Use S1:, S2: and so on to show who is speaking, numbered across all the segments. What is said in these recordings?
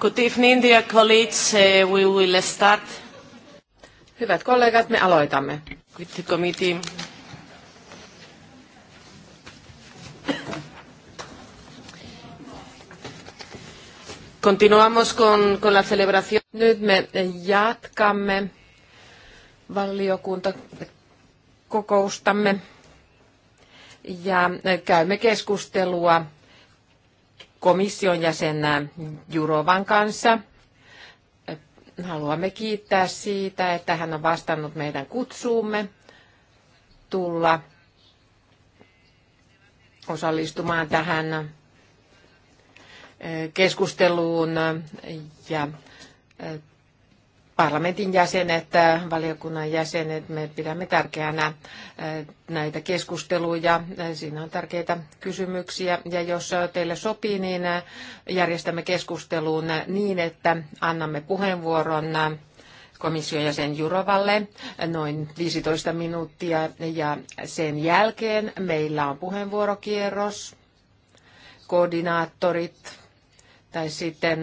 S1: Good evening, dear colleagues. Uh, we will start. Hyvät kollegat, me aloitamme. With the committee. Continuamos con, con la celebración. Nyt me jatkamme valiokuntakokoustamme ja käymme keskustelua komission jäsen Jurovan kanssa. Haluamme kiittää siitä, että hän on vastannut meidän kutsuumme tulla osallistumaan tähän keskusteluun ja parlamentin jäsenet, valiokunnan jäsenet, me pidämme tärkeänä näitä keskusteluja. Siinä on tärkeitä kysymyksiä ja jos teille sopii, niin järjestämme keskustelun niin, että annamme puheenvuoron komission jäsen Jurovalle noin 15 minuuttia ja sen jälkeen meillä on puheenvuorokierros, koordinaattorit, tai sitten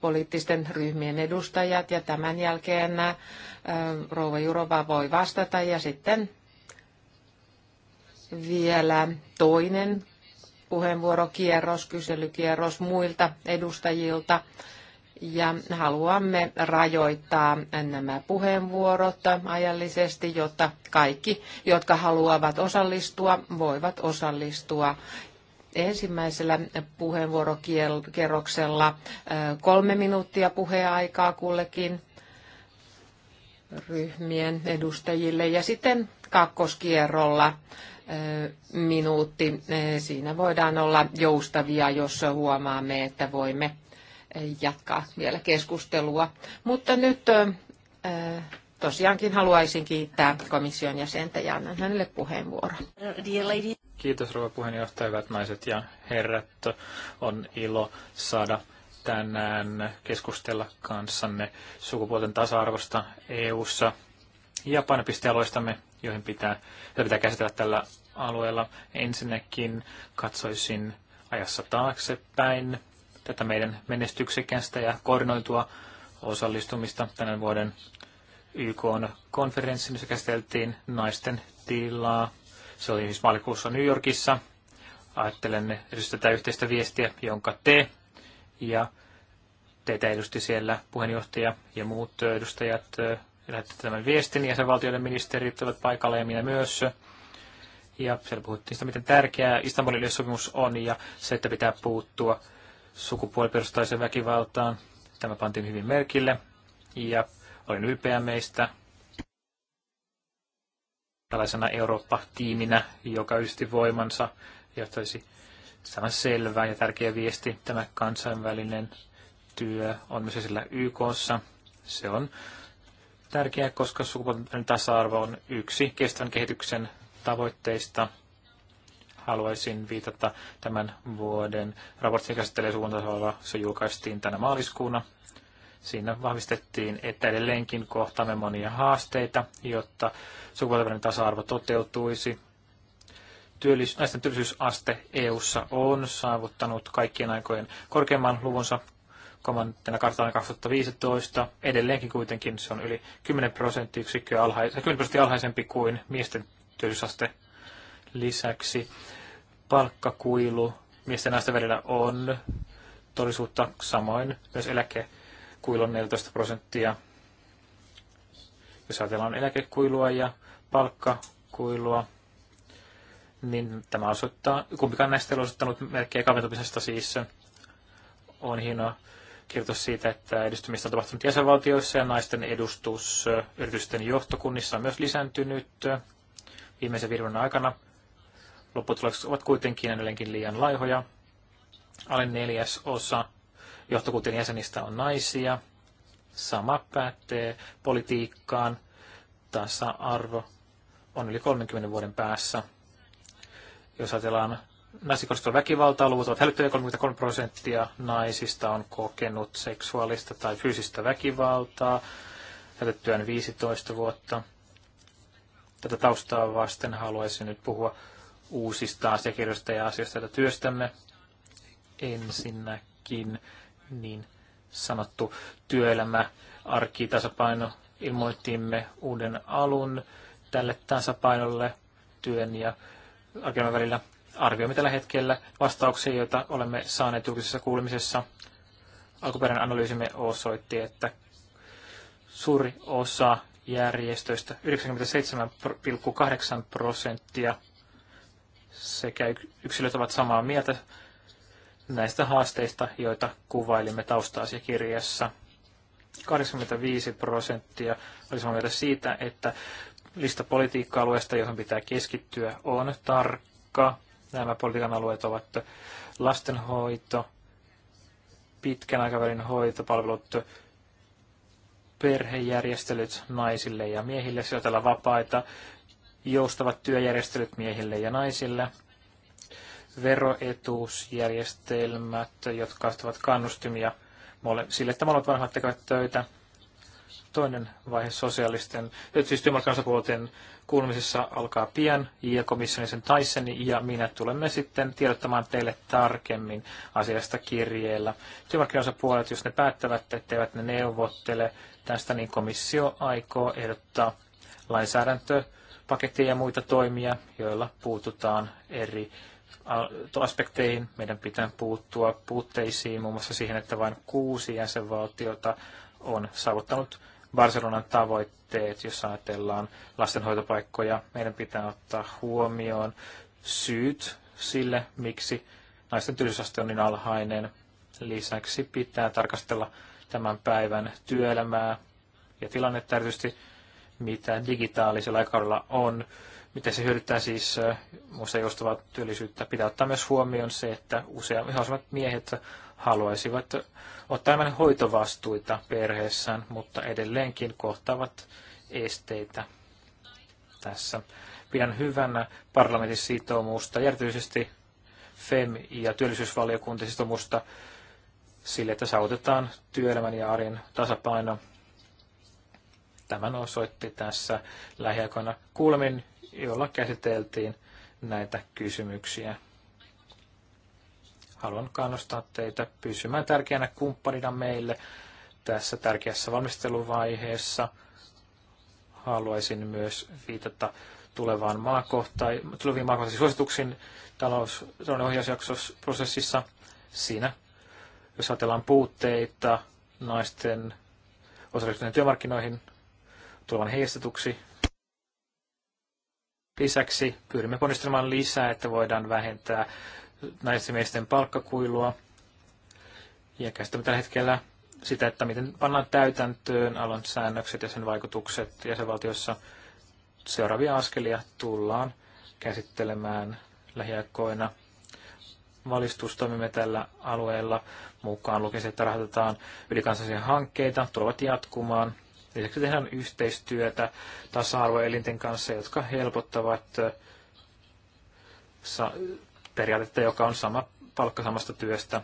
S1: poliittisten ryhmien edustajat ja tämän jälkeen rouva Jurova voi vastata ja sitten vielä toinen puheenvuorokierros, kyselykierros muilta edustajilta. Ja haluamme rajoittaa nämä puheenvuorot ajallisesti, jotta kaikki, jotka haluavat osallistua, voivat osallistua. Ensimmäisellä puheenvuorokierroksella kolme minuuttia puheaikaa kullekin ryhmien edustajille ja sitten kakkoskierrolla minuutti. Siinä voidaan olla joustavia, jos huomaamme, että voimme jatkaa vielä keskustelua. Mutta nyt tosiaankin haluaisin kiittää komission jäsentä ja annan hänelle puheenvuoron.
S2: Kiitos rouva puheenjohtaja, hyvät naiset ja herrat. On ilo saada tänään keskustella kanssanne sukupuolten tasa-arvosta EU-ssa ja painopistealoistamme, joihin pitää, joita pitää käsitellä tällä alueella. Ensinnäkin katsoisin ajassa taaksepäin tätä meidän menestyksekästä ja koordinoitua osallistumista tänä vuoden YK on konferenssin, jossa käsiteltiin naisten tilaa. Se oli siis maalikuussa New Yorkissa. Ajattelemme edusti tätä yhteistä viestiä, jonka te ja teitä edusti siellä puheenjohtaja ja muut edustajat lähettivät tämän viestin. ja valtioiden ministerit olivat paikalla ja minä myös. Ja siellä puhuttiin sitä, miten tärkeää Istanbulin yleissopimus on ja se, että pitää puuttua sukupuoliperustaisen väkivaltaan. Tämä pantiin hyvin merkille. Ja Olin ylpeä meistä tällaisena Eurooppa-tiiminä, joka yhdisti voimansa, jotta olisi tämä selvä ja tärkeä viesti. Tämä kansainvälinen työ on myös sillä YKssa. Se on tärkeää, koska sukupuolten tasa-arvo on yksi kestävän kehityksen tavoitteista. Haluaisin viitata tämän vuoden raportin käsittelee suuntaan, Se julkaistiin tänä maaliskuuna. Siinä vahvistettiin, että edelleenkin kohtaamme monia haasteita, jotta sukupuolten tasa-arvo toteutuisi. Työllis- naisten työllisyysaste EU:ssa on saavuttanut kaikkien aikojen korkeimman luvunsa kolmantena kartana 2015. Edelleenkin kuitenkin se on yli 10 prosenttiyksikköä alhais- 10 prosenttia alhaisempi kuin miesten työllisyysaste lisäksi. Palkkakuilu miesten ja naisten välillä on todellisuutta samoin myös eläke kuilu on 14 prosenttia. Jos ajatellaan eläkekuilua ja palkkakuilua, niin tämä osoittaa, kumpikaan näistä ei ole osoittanut merkkejä kaventumisesta siis. On hienoa kertoa siitä, että edistymistä on tapahtunut jäsenvaltioissa ja naisten edustus yritysten johtokunnissa on myös lisääntynyt viimeisen viiden aikana. Lopputulokset ovat kuitenkin edelleenkin liian laihoja. Alle neljäs osa johtokuntien jäsenistä on naisia. Sama päättee politiikkaan. Tasa-arvo on yli 30 vuoden päässä. Jos ajatellaan naisikohdistuvaa väkivaltaa, luvut ovat hälyttäviä 33 prosenttia naisista on kokenut seksuaalista tai fyysistä väkivaltaa hälyttyään 15 vuotta. Tätä taustaa vasten haluaisin nyt puhua uusista asiakirjoista ja asioista, joita työstämme. Ensinnäkin niin sanottu työelämä, tasapaino Ilmoitimme uuden alun tälle tasapainolle työn ja arkeoman välillä. Arvioimme tällä hetkellä vastauksia, joita olemme saaneet julkisessa kuulemisessa. Alkuperäinen analyysimme osoitti, että suuri osa järjestöistä, 97,8 prosenttia sekä yksilöt ovat samaa mieltä näistä haasteista, joita kuvailimme taustaasiakirjassa. 85 prosenttia oli samaa mieltä siitä, että lista politiikka-alueista, johon pitää keskittyä, on tarkka. Nämä politiikan alueet ovat lastenhoito, pitkän aikavälin hoitopalvelut, perhejärjestelyt naisille ja miehille, sijoitella vapaita, joustavat työjärjestelyt miehille ja naisille – veroetuusjärjestelmät, jotka ovat kannustimia mole, sille, että molemmat vanhemmat tekevät töitä. Toinen vaihe sosiaalisten, siis työmarkkinaosapuolten kuulumisessa alkaa pian, ja komissionisen Tyson ja minä tulemme sitten tiedottamaan teille tarkemmin asiasta kirjeellä. Työmarkkinaosapuolet, jos ne päättävät, etteivät ne neuvottele tästä, niin komissio aikoo ehdottaa lainsäädäntöpaketteja ja muita toimia, joilla puututaan eri aspekteihin. Meidän pitää puuttua puutteisiin, muun muassa siihen, että vain kuusi jäsenvaltiota on saavuttanut Barcelonan tavoitteet, jos ajatellaan lastenhoitopaikkoja. Meidän pitää ottaa huomioon syyt sille, miksi naisten työllisyysaste on niin alhainen. Lisäksi pitää tarkastella tämän päivän työelämää ja tilannetta erityisesti, mitä digitaalisella aikakaudella on miten se hyödyttää siis muista joustavaa työllisyyttä. Pitää ottaa myös huomioon se, että yhä useammat miehet haluaisivat ottaa enemmän hoitovastuita perheessään, mutta edelleenkin kohtaavat esteitä tässä. Pidän hyvänä parlamentin sitoumusta, erityisesti FEM- ja työllisyysvaliokuntien sitoumusta sille, että saavutetaan työelämän ja arjen tasapaino. Tämän osoitti tässä lähiaikoina kuulemin jolla käsiteltiin näitä kysymyksiä. Haluan kannustaa teitä pysymään tärkeänä kumppanina meille tässä tärkeässä valmisteluvaiheessa. Haluaisin myös viitata tulevaan maakohtai, tuleviin maakohtaisiin suosituksiin talouden ohjausjaksoprosessissa siinä, jos ajatellaan puutteita naisten osallistuminen työmarkkinoihin tulevan heistetuksi Lisäksi pyrimme ponnistelemaan lisää, että voidaan vähentää naisten ja miesten palkkakuilua. Ja käsitämme tällä hetkellä sitä, että miten pannaan täytäntöön alan säännökset ja sen vaikutukset jäsenvaltiossa. Seuraavia askelia tullaan käsittelemään lähiaikoina. Valistustoimimme tällä alueella mukaan lukisi, että rahoitetaan ylikansallisia hankkeita, tulevat jatkumaan Lisäksi tehdään yhteistyötä tasa-arvoelinten kanssa, jotka helpottavat periaatetta, joka on sama palkka samasta työstä.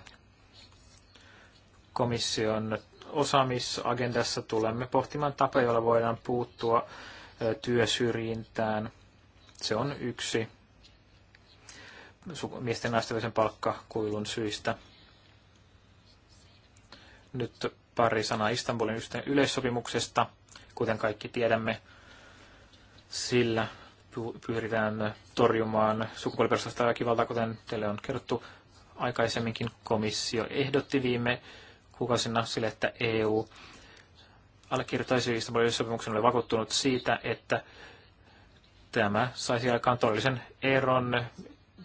S2: Komission osaamisagendassa tulemme pohtimaan tapoja, joilla voidaan puuttua työsyrjintään. Se on yksi miesten ja naisten palkkakuilun syistä. Nyt pari sanaa Istanbulin yleissopimuksesta, kuten kaikki tiedämme. Sillä pyritään torjumaan sukupuoliperustaista väkivaltaa, kuten teille on kerrottu aikaisemminkin. Komissio ehdotti viime kuukausina sille, että EU allekirjoittaisi Istanbulin yleissopimuksen oli vakuuttunut siitä, että tämä saisi aikaan todellisen eron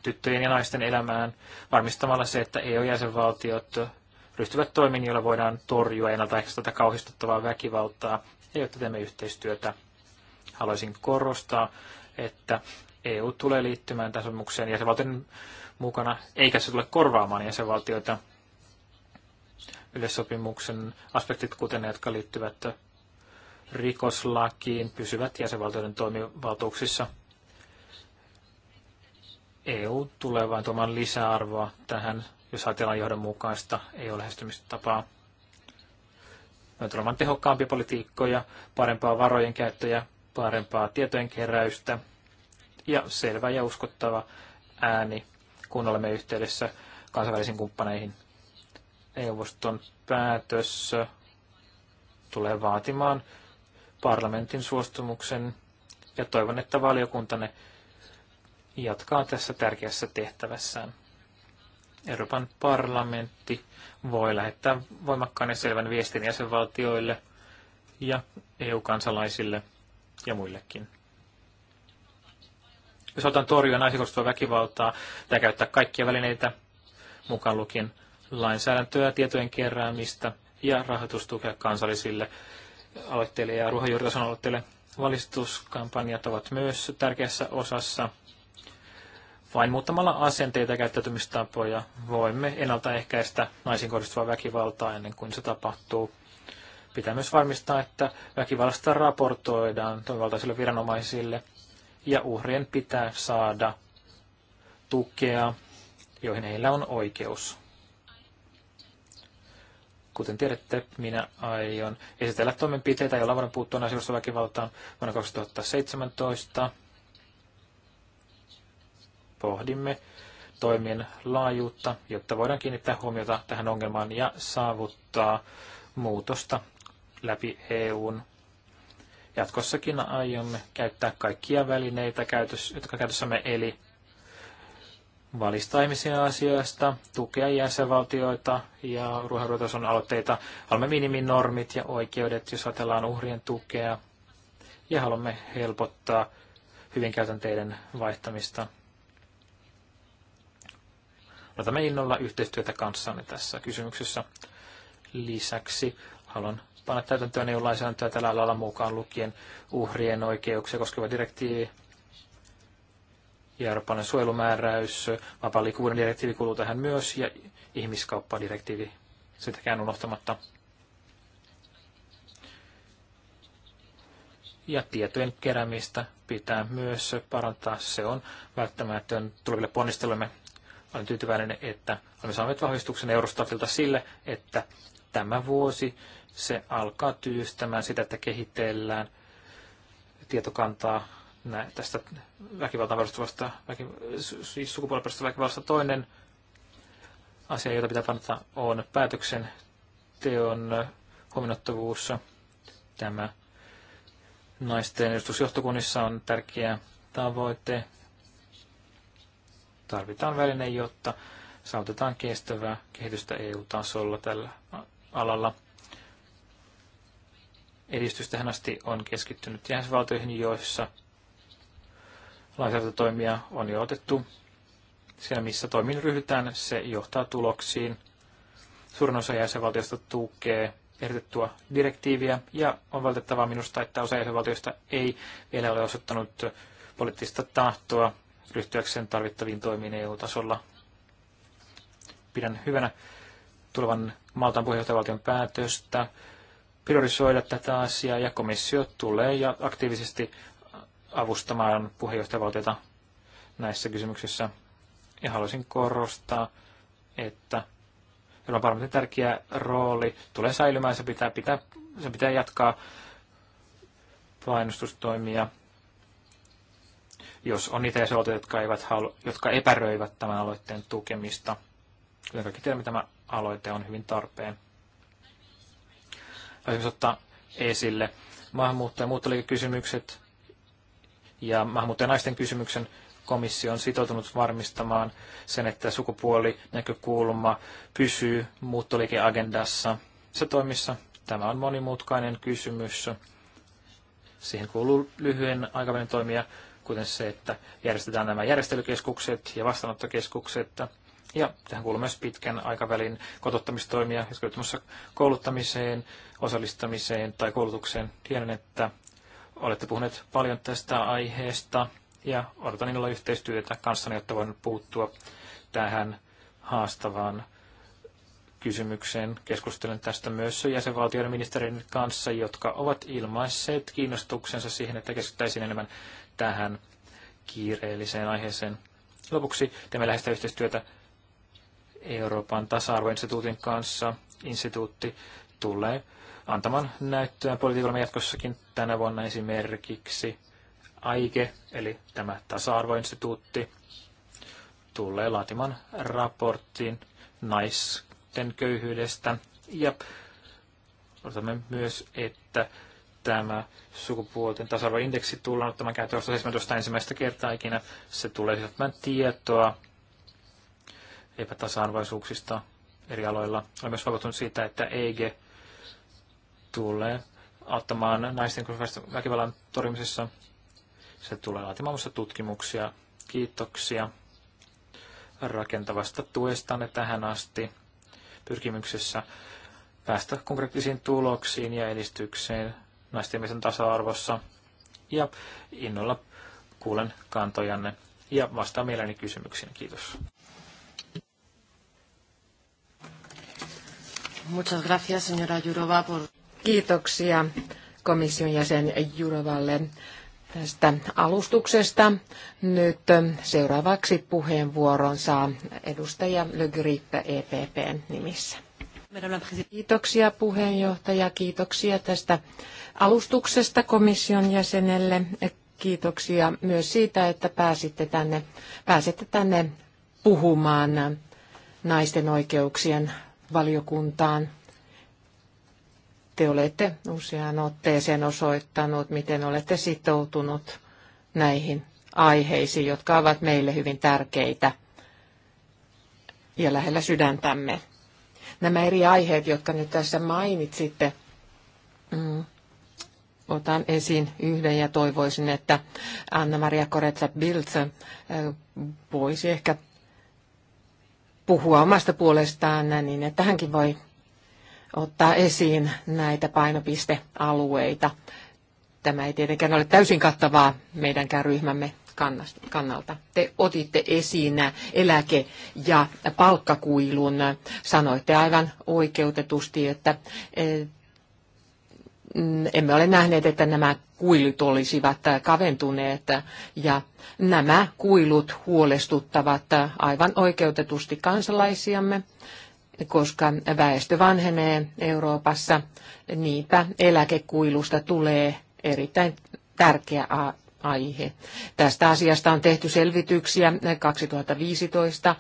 S2: tyttöjen ja naisten elämään varmistamalla se, että EU-jäsenvaltiot ryhtyvät toimiin, joilla voidaan torjua ennaltaehkäistä tätä kauhistuttavaa väkivaltaa ja jotta teemme yhteistyötä. Haluaisin korostaa, että EU tulee liittymään tämän sopimukseen jäsenvaltioiden mukana, eikä se tule korvaamaan jäsenvaltioita. Yleissopimuksen aspektit, kuten ne, jotka liittyvät rikoslakiin, pysyvät jäsenvaltioiden toimivaltuuksissa. EU tulee vain tuomaan lisäarvoa tähän jos ajatellaan johdonmukaista EU-lähestymistapaa. Näyttää olemaan tehokkaampia politiikkoja, parempaa varojen käyttöä, parempaa tietojen keräystä ja selvä ja uskottava ääni, kun olemme yhteydessä kansainvälisiin kumppaneihin. Neuvoston päätös tulee vaatimaan parlamentin suostumuksen ja toivon, että valiokuntanne jatkaa tässä tärkeässä tehtävässään. Euroopan parlamentti voi lähettää voimakkaan ja selvän viestin jäsenvaltioille ja EU-kansalaisille ja muillekin. Jos otan torjua naisikoistua väkivaltaa, tai käyttää kaikkia välineitä, mukaan lukien lainsäädäntöä, tietojen keräämistä ja rahoitustukea kansallisille aloitteille ja ruohonjuuritason aloitteille. Valistuskampanjat ovat myös tärkeässä osassa – vain muuttamalla asenteita ja käyttäytymistapoja voimme ennaltaehkäistä naisiin kohdistuvaa väkivaltaa ennen kuin se tapahtuu. Pitää myös varmistaa, että väkivallasta raportoidaan toimivaltaisille viranomaisille ja uhrien pitää saada tukea, joihin heillä on oikeus. Kuten tiedätte, minä aion esitellä toimenpiteitä, joilla voidaan puuttua naisikosta väkivaltaan vuonna 2017 pohdimme toimien laajuutta, jotta voidaan kiinnittää huomiota tähän ongelmaan ja saavuttaa muutosta läpi EUn. Jatkossakin aiomme käyttää kaikkia välineitä, jotka käytössämme, eli valistaa ihmisiä asioista, tukea jäsenvaltioita ja ruohonruotason aloitteita. Haluamme miniminormit ja oikeudet, jos ajatellaan uhrien tukea, ja haluamme helpottaa hyvin käytänteiden vaihtamista otamme innolla yhteistyötä kanssanne tässä kysymyksessä. Lisäksi haluan panna täytäntöön EU-lainsäädäntöä tällä alalla mukaan lukien uhrien oikeuksia koskeva direktiivi ja eurooppalainen suojelumääräys, vapaan liikkuvuuden direktiivi kuuluu tähän myös ja ihmiskauppadirektiivi, sitäkään unohtamatta. ja tietojen keräämistä pitää myös parantaa. Se on välttämätön tuleville ponnistelemme olen tyytyväinen, että olemme saaneet vahvistuksen Eurostatilta sille, että tämä vuosi se alkaa työstämään sitä, että kehitellään tietokantaa tästä väkivaltaan perustuvasta, väki, siis sukupuoliperusteista väkivallasta. Toinen asia, jota pitää panna, on päätöksen teon huomioittavuus. Tämä naisten edustusjohtokunnissa on tärkeä tavoite. Tarvitaan väline, jotta saavutetaan kestävää kehitystä EU-tasolla tällä alalla. Edistys tähän asti on keskittynyt jäsenvaltioihin, joissa lainsäädäntötoimia on jo otettu. Siellä, missä toimin ryhdytään, se johtaa tuloksiin. Suurin osa jäsenvaltiosta tukee ehdotettua direktiiviä, ja on valitettavaa minusta, että osa jäsenvaltioista ei vielä ole osoittanut poliittista tahtoa ryhtyäkseen tarvittaviin toimiin EU-tasolla. Pidän hyvänä tulevan Maltan puheenjohtajavaltion päätöstä priorisoida tätä asiaa ja komissio tulee ja aktiivisesti avustamaan puheenjohtajavaltiota näissä kysymyksissä. Ja haluaisin korostaa, että Euroopan parlamentin tärkeä rooli tulee säilymään, se pitää, pitää, se pitää jatkaa painostustoimia jos on niitä jäsenvaltioita, jotka, eivät halu, jotka epäröivät tämän aloitteen tukemista. Kyllä kaikki tiedämme, tämä aloite on hyvin tarpeen. Haluaisin ottaa esille maahanmuutto- ja muuttoliikekysymykset ja maahanmuuttajien naisten kysymyksen komissio on sitoutunut varmistamaan sen, että sukupuolinäkökulma pysyy muuttoliikeagendassa. Se toimissa tämä on monimutkainen kysymys. Siihen kuuluu lyhyen aikavälin toimia, kuten se, että järjestetään nämä järjestelykeskukset ja vastaanottokeskukset. Ja tähän kuuluu myös pitkän aikavälin kotottamistoimia, jotka kouluttamiseen, osallistamiseen tai koulutukseen. Tiedän, että olette puhuneet paljon tästä aiheesta ja odotan innolla yhteistyötä kanssani, jotta voin puuttua tähän haastavaan kysymykseen. Keskustelen tästä myös jäsenvaltioiden ministerin kanssa, jotka ovat ilmaisseet kiinnostuksensa siihen, että keskittäisiin enemmän tähän kiireelliseen aiheeseen. Lopuksi teemme läheistä yhteistyötä Euroopan tasa-arvoinstituutin kanssa. Instituutti tulee antamaan näyttöä politiikallamme jatkossakin tänä vuonna esimerkiksi AIGE, eli tämä tasa-arvoinstituutti, tulee laatimaan raportin naisten köyhyydestä. Ja odotamme myös, että tämä sukupuolten tasa-arvoindeksi tullaan ottamaan käyttöön 2017 ensimmäistä kertaa ikinä. Se tulee sisältämään tietoa epätasa-arvoisuuksista eri aloilla. Olen myös vakuuttunut siitä, että EG tulee auttamaan naisten väkivallan torjumisessa. Se tulee laatimaan tutkimuksia. Kiitoksia rakentavasta tuestanne tähän asti pyrkimyksessä päästä konkreettisiin tuloksiin ja edistykseen naistimisen tasa-arvossa. Ja innolla kuulen kantojanne ja vastaan mieleni kysymyksiin. Kiitos.
S1: Muchas gracias, señora Jurova, por... Kiitoksia komission jäsen Jurovalle tästä alustuksesta. Nyt seuraavaksi puheenvuoron saa edustaja Le Grip EPPn nimissä. Kiitoksia puheenjohtaja, kiitoksia tästä alustuksesta komission jäsenelle. Kiitoksia myös siitä, että pääsitte tänne, pääsette tänne puhumaan naisten oikeuksien valiokuntaan. Te olette useaan otteeseen osoittanut, miten olette sitoutunut näihin aiheisiin, jotka ovat meille hyvin tärkeitä ja lähellä sydäntämme. Nämä eri aiheet, jotka nyt tässä mainitsitte, mm, otan esiin yhden ja toivoisin, että Anna-Maria Koretsa-Biltz äh, voisi ehkä puhua omasta puolestaan niin, että hänkin voi ottaa esiin näitä painopistealueita. Tämä ei tietenkään ole täysin kattavaa meidänkään ryhmämme kannalta. Te otitte esiin eläke- ja palkkakuilun. Sanoitte aivan oikeutetusti, että Mm, emme ole nähneet, että nämä kuilut olisivat kaventuneet ja nämä kuilut huolestuttavat aivan oikeutetusti kansalaisiamme, koska väestö vanhenee Euroopassa. Niinpä eläkekuilusta tulee erittäin tärkeä aihe. Tästä asiasta on tehty selvityksiä. 2015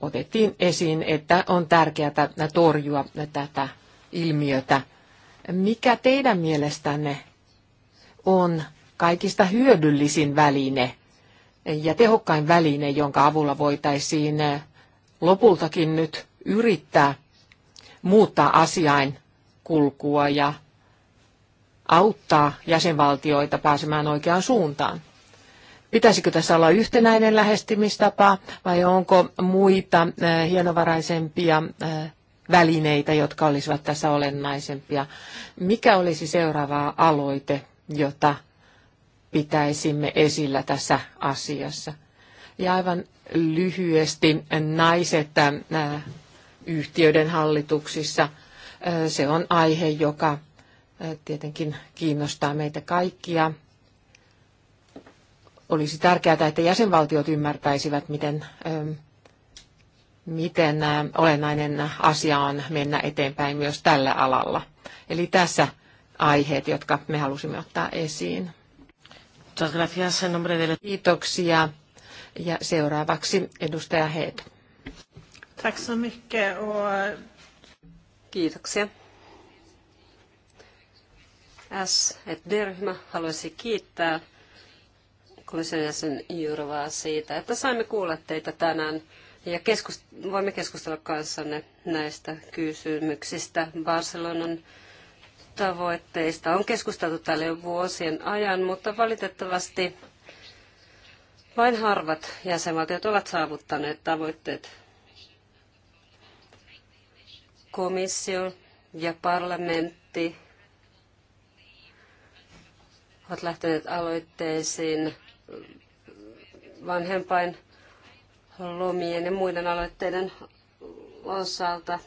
S1: otettiin esiin, että on tärkeää torjua tätä ilmiötä mikä teidän mielestänne on kaikista hyödyllisin väline ja tehokkain väline, jonka avulla voitaisiin lopultakin nyt yrittää muuttaa asiain kulkua ja auttaa jäsenvaltioita pääsemään oikeaan suuntaan. Pitäisikö tässä olla yhtenäinen lähestymistapa vai onko muita äh, hienovaraisempia äh, välineitä, jotka olisivat tässä olennaisempia. Mikä olisi seuraava aloite, jota pitäisimme esillä tässä asiassa? Ja aivan lyhyesti naiset äh, yhtiöiden hallituksissa. Äh, se on aihe, joka äh, tietenkin kiinnostaa meitä kaikkia. Olisi tärkeää, että jäsenvaltiot ymmärtäisivät, miten ähm, miten olennainen asia on mennä eteenpäin myös tällä alalla. Eli tässä aiheet, jotka me halusimme ottaa esiin. Kiitoksia. Ja seuraavaksi edustaja Heet.
S3: Kiitoksia. SD-ryhmä haluaisi kiittää komission jäsen Jurovaa siitä, että saimme kuulla teitä tänään ja keskust- voimme keskustella kanssanne näistä kysymyksistä. Barcelonan tavoitteista on keskusteltu täällä jo vuosien ajan, mutta valitettavasti vain harvat jäsenvaltiot ovat saavuttaneet tavoitteet. Komissio ja parlamentti ovat lähteneet aloitteisiin vanhempain lomien ja muiden aloitteiden osalta,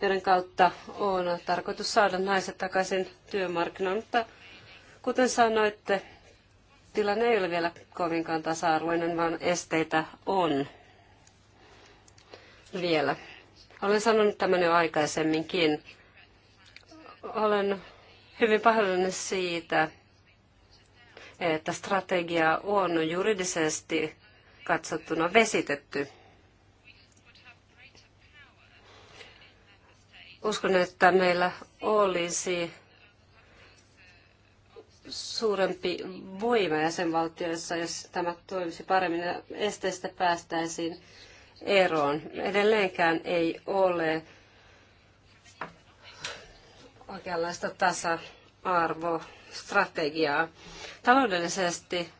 S3: joiden kautta on tarkoitus saada naiset takaisin työmarkkinoille. Mutta kuten sanoitte, tilanne ei ole vielä kovinkaan tasa-arvoinen, vaan esteitä on vielä. Olen sanonut tämän jo aikaisemminkin. Olen hyvin pahoillani siitä, että strategia on juridisesti katsottuna vesitetty. Uskon, että meillä olisi suurempi voima jäsenvaltioissa, jos tämä toimisi paremmin ja esteistä päästäisiin eroon. Edelleenkään ei ole oikeanlaista tasa-arvostrategiaa. Taloudellisesti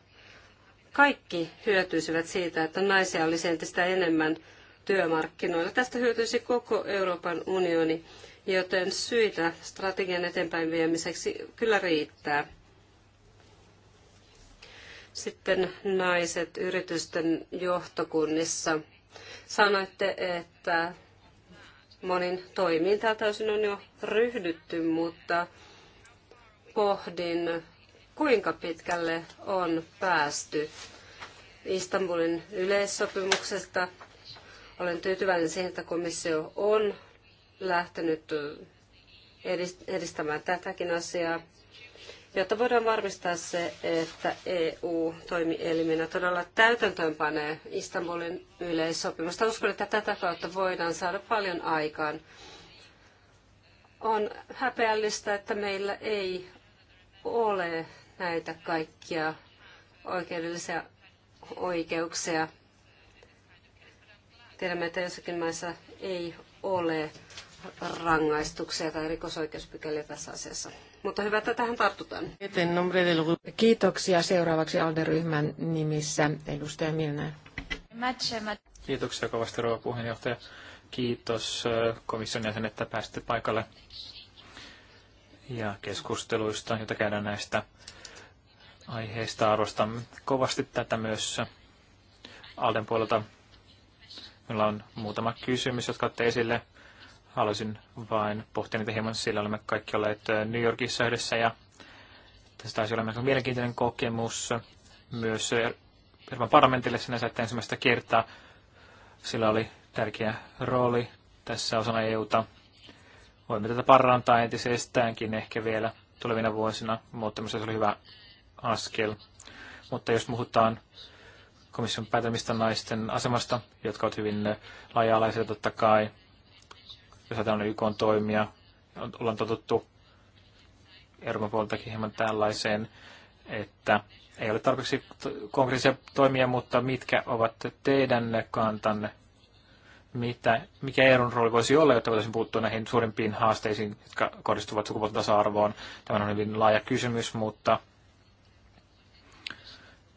S3: kaikki hyötyisivät siitä, että naisia olisi entistä enemmän työmarkkinoilla. Tästä hyötyisi koko Euroopan unioni, joten syitä strategian eteenpäin viemiseksi kyllä riittää. Sitten naiset yritysten johtokunnissa. Sanoitte, että monin toimiin tältä osin on jo ryhdytty, mutta pohdin, kuinka pitkälle on päästy Istanbulin yleissopimuksesta. Olen tyytyväinen siihen, että komissio on lähtenyt eh, edistämään tätäkin asiaa, jotta voidaan varmistaa se, että eu toimielimenä todella täytäntöönpanee Istanbulin yleissopimusta. Uskon, että tätä kautta voidaan saada paljon aikaan. On häpeällistä, että meillä ei ole näitä kaikkia oikeudellisia oikeuksia. Tiedämme, että jossakin maissa ei ole rangaistuksia tai rikosoikeuspykäliä tässä asiassa. Mutta hyvä, että tähän tartutaan.
S1: Kiitoksia. Seuraavaksi Alderyhmän nimissä edustaja Milner.
S2: Kiitoksia kovasti rouva puheenjohtaja. Kiitos komission jäsen, että pääsitte paikalle ja keskusteluista, joita käydään näistä aiheesta. arvostan kovasti tätä myös Alden puolelta. Meillä on muutama kysymys, jotka otte esille. Haluaisin vain pohtia niitä hieman, sillä olemme kaikki olleet New Yorkissa yhdessä ja tästä taisi olla mielenkiintoinen kokemus myös Euroopan parlamentille sinänsä, että ensimmäistä kertaa sillä oli tärkeä rooli tässä osana EUta. Voimme tätä parantaa entisestäänkin ehkä vielä tulevina vuosina, mutta se oli hyvä askel. Mutta jos puhutaan komission päätämistä naisten asemasta, jotka ovat hyvin laaja-alaisia totta kai, jos ajatellaan YK toimia, ollaan totuttu Euroopan puoleltakin hieman tällaiseen, että ei ole tarpeeksi konkreettisia toimia, mutta mitkä ovat teidän kantanne? Mitä, mikä EUn rooli voisi olla, jotta voitaisiin puuttua näihin suurimpiin haasteisiin, jotka kohdistuvat sukupuolten tasa-arvoon? Tämä on hyvin laaja kysymys, mutta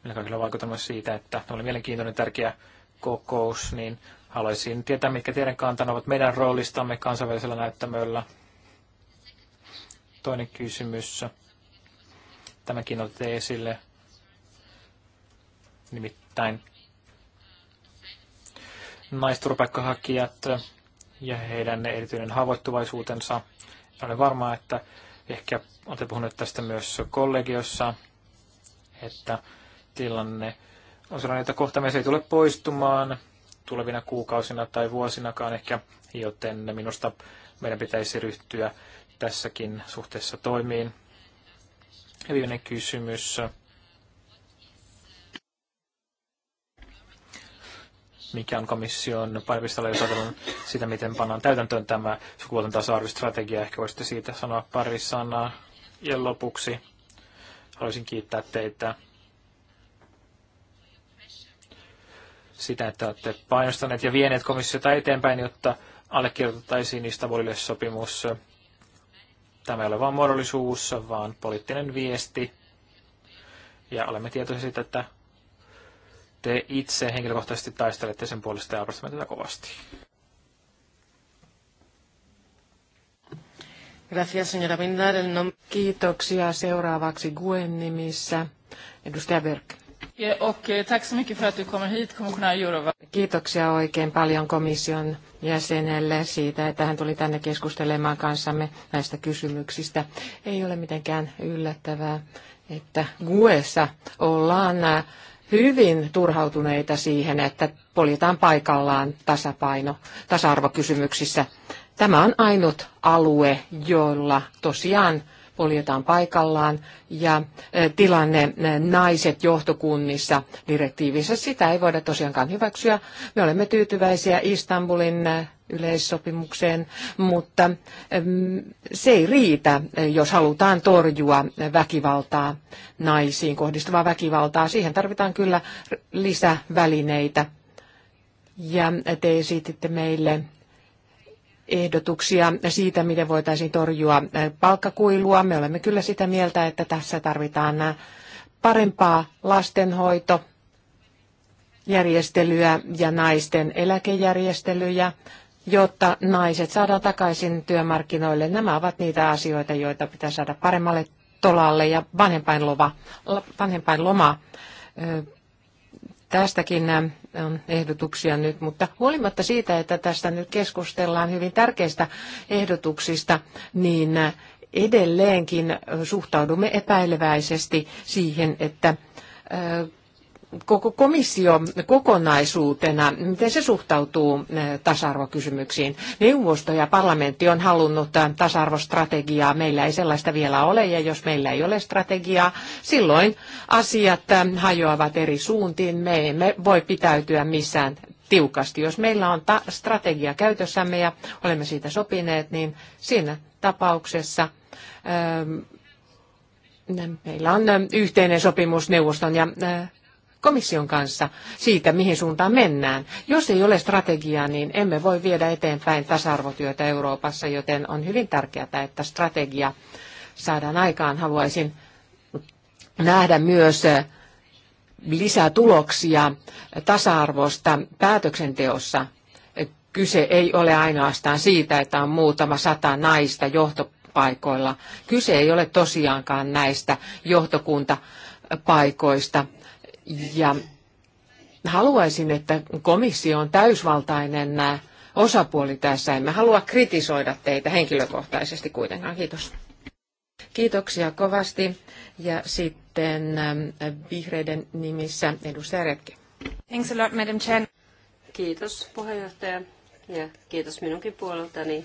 S2: meillä kaikilla vaikutelma siitä, että oli mielenkiintoinen tärkeä kokous, niin haluaisin tietää, mitkä teidän kantana ovat meidän roolistamme kansainvälisellä näyttämöllä. Toinen kysymys. Tämäkin otitte esille. Nimittäin naisturvapaikkahakijat ja heidän erityinen haavoittuvaisuutensa. Olen varma, että ehkä olette puhuneet tästä myös kollegiossa, että tilanne on sellainen, että kohta se ei tule poistumaan tulevina kuukausina tai vuosinakaan ehkä, joten minusta meidän pitäisi ryhtyä tässäkin suhteessa toimiin. Ja viimeinen kysymys. mikä on komission painopistolla, jos ajatellaan sitä, miten pannaan täytäntöön tämä sukupuolten tasa-arvostrategia. Ehkä voisitte siitä sanoa pari sanaa. Ja lopuksi haluaisin kiittää teitä sitä, että olette painostaneet ja vieneet komissiota eteenpäin, jotta allekirjoitettaisiin Istanbulille sopimus. Tämä ei ole vain muodollisuus, vaan poliittinen viesti. Ja olemme tietoisia siitä, että te itse henkilökohtaisesti taistelette sen puolesta ja arvostamme tätä kovasti.
S1: Gracias, señora Kiitoksia. Seuraavaksi Guen nimissä. Edustaja Berg. Eh, Kiitoksia oikein paljon komission jäsenelle siitä, että hän tuli tänne keskustelemaan kanssamme näistä kysymyksistä. Ei ole mitenkään yllättävää, että GUEssa ollaan äh, hyvin turhautuneita siihen, että poljetaan paikallaan tasapaino tasa-arvokysymyksissä. Tämä on ainut alue, jolla tosiaan poljetaan paikallaan ja eh, tilanne eh, naiset johtokunnissa direktiivissä, sitä ei voida tosiaankaan hyväksyä. Me olemme tyytyväisiä Istanbulin eh, yleissopimukseen, mutta se ei riitä, jos halutaan torjua väkivaltaa, naisiin kohdistuvaa väkivaltaa. Siihen tarvitaan kyllä lisävälineitä. Ja te esititte meille ehdotuksia siitä, miten voitaisiin torjua palkkakuilua. Me olemme kyllä sitä mieltä, että tässä tarvitaan parempaa lastenhoito, järjestelyä ja naisten eläkejärjestelyjä, jotta naiset saadaan takaisin työmarkkinoille. Nämä ovat niitä asioita, joita pitää saada paremmalle tolalle ja vanhempainloma, vanhempainloma Tästäkin äh, on ehdotuksia nyt, mutta huolimatta siitä, että tästä nyt keskustellaan hyvin tärkeistä ehdotuksista, niin äh, edelleenkin äh, suhtaudumme epäileväisesti siihen, että koko komissio kokonaisuutena, miten se suhtautuu eh, tasa-arvokysymyksiin. Neuvosto ja parlamentti on halunnut eh, tasa-arvostrategiaa. Meillä ei sellaista vielä ole, ja jos meillä ei ole strategiaa, silloin asiat eh, hajoavat eri suuntiin. Me emme voi pitäytyä missään tiukasti. Jos meillä on ta- strategia käytössämme ja olemme siitä sopineet, niin siinä tapauksessa öö, meillä on yhteinen sopimus neuvoston ja komission kanssa siitä, mihin suuntaan mennään. Jos ei ole strategiaa, niin emme voi viedä eteenpäin tasa-arvotyötä Euroopassa, joten on hyvin tärkeää, että strategia saadaan aikaan. Haluaisin nähdä myös eh, lisää tuloksia tasa-arvosta päätöksenteossa. Kyse ei ole ainoastaan siitä, että on muutama sata naista johtopaikoilla. Kyse ei ole tosiaankaan näistä johtokuntapaikoista ja haluaisin, että komissio on täysvaltainen äh, osapuoli tässä. Emme halua kritisoida teitä henkilökohtaisesti kuitenkaan. Kiitos. Kiitoksia kovasti. Ja sitten ähm, vihreiden nimissä edustaja Retki.
S3: Thanks a lot, Madam Kiitos puheenjohtaja ja kiitos minunkin puoleltani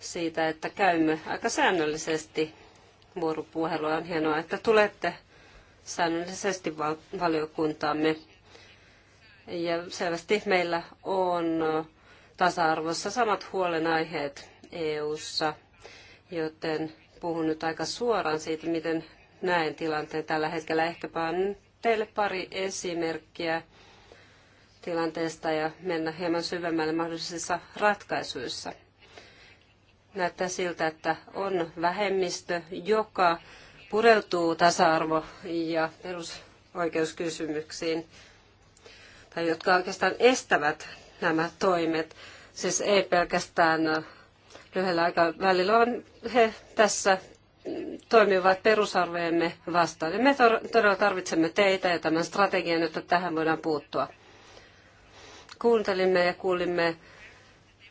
S3: siitä, että käymme aika säännöllisesti vuoropuhelua. On hienoa, että tulette säännöllisesti val- valiokuntaamme. Ja selvästi meillä on tasa-arvossa samat huolenaiheet EU:ssa, joten puhun nyt aika suoraan siitä, miten näen tilanteen tällä hetkellä. Ehkäpä on teille pari esimerkkiä tilanteesta ja mennä hieman syvemmälle mahdollisissa ratkaisuissa. Näyttää siltä, että on vähemmistö, joka pureutuu tasa-arvo- ja perusoikeuskysymyksiin, tai jotka oikeastaan estävät nämä toimet. Siis ei pelkästään lyhyellä aikavälillä, vaan he tässä toimivat perusarvojemme vastaan. Ja me todella tarvitsemme teitä ja tämän strategian, jotta tähän voidaan puuttua. Kuuntelimme ja kuulimme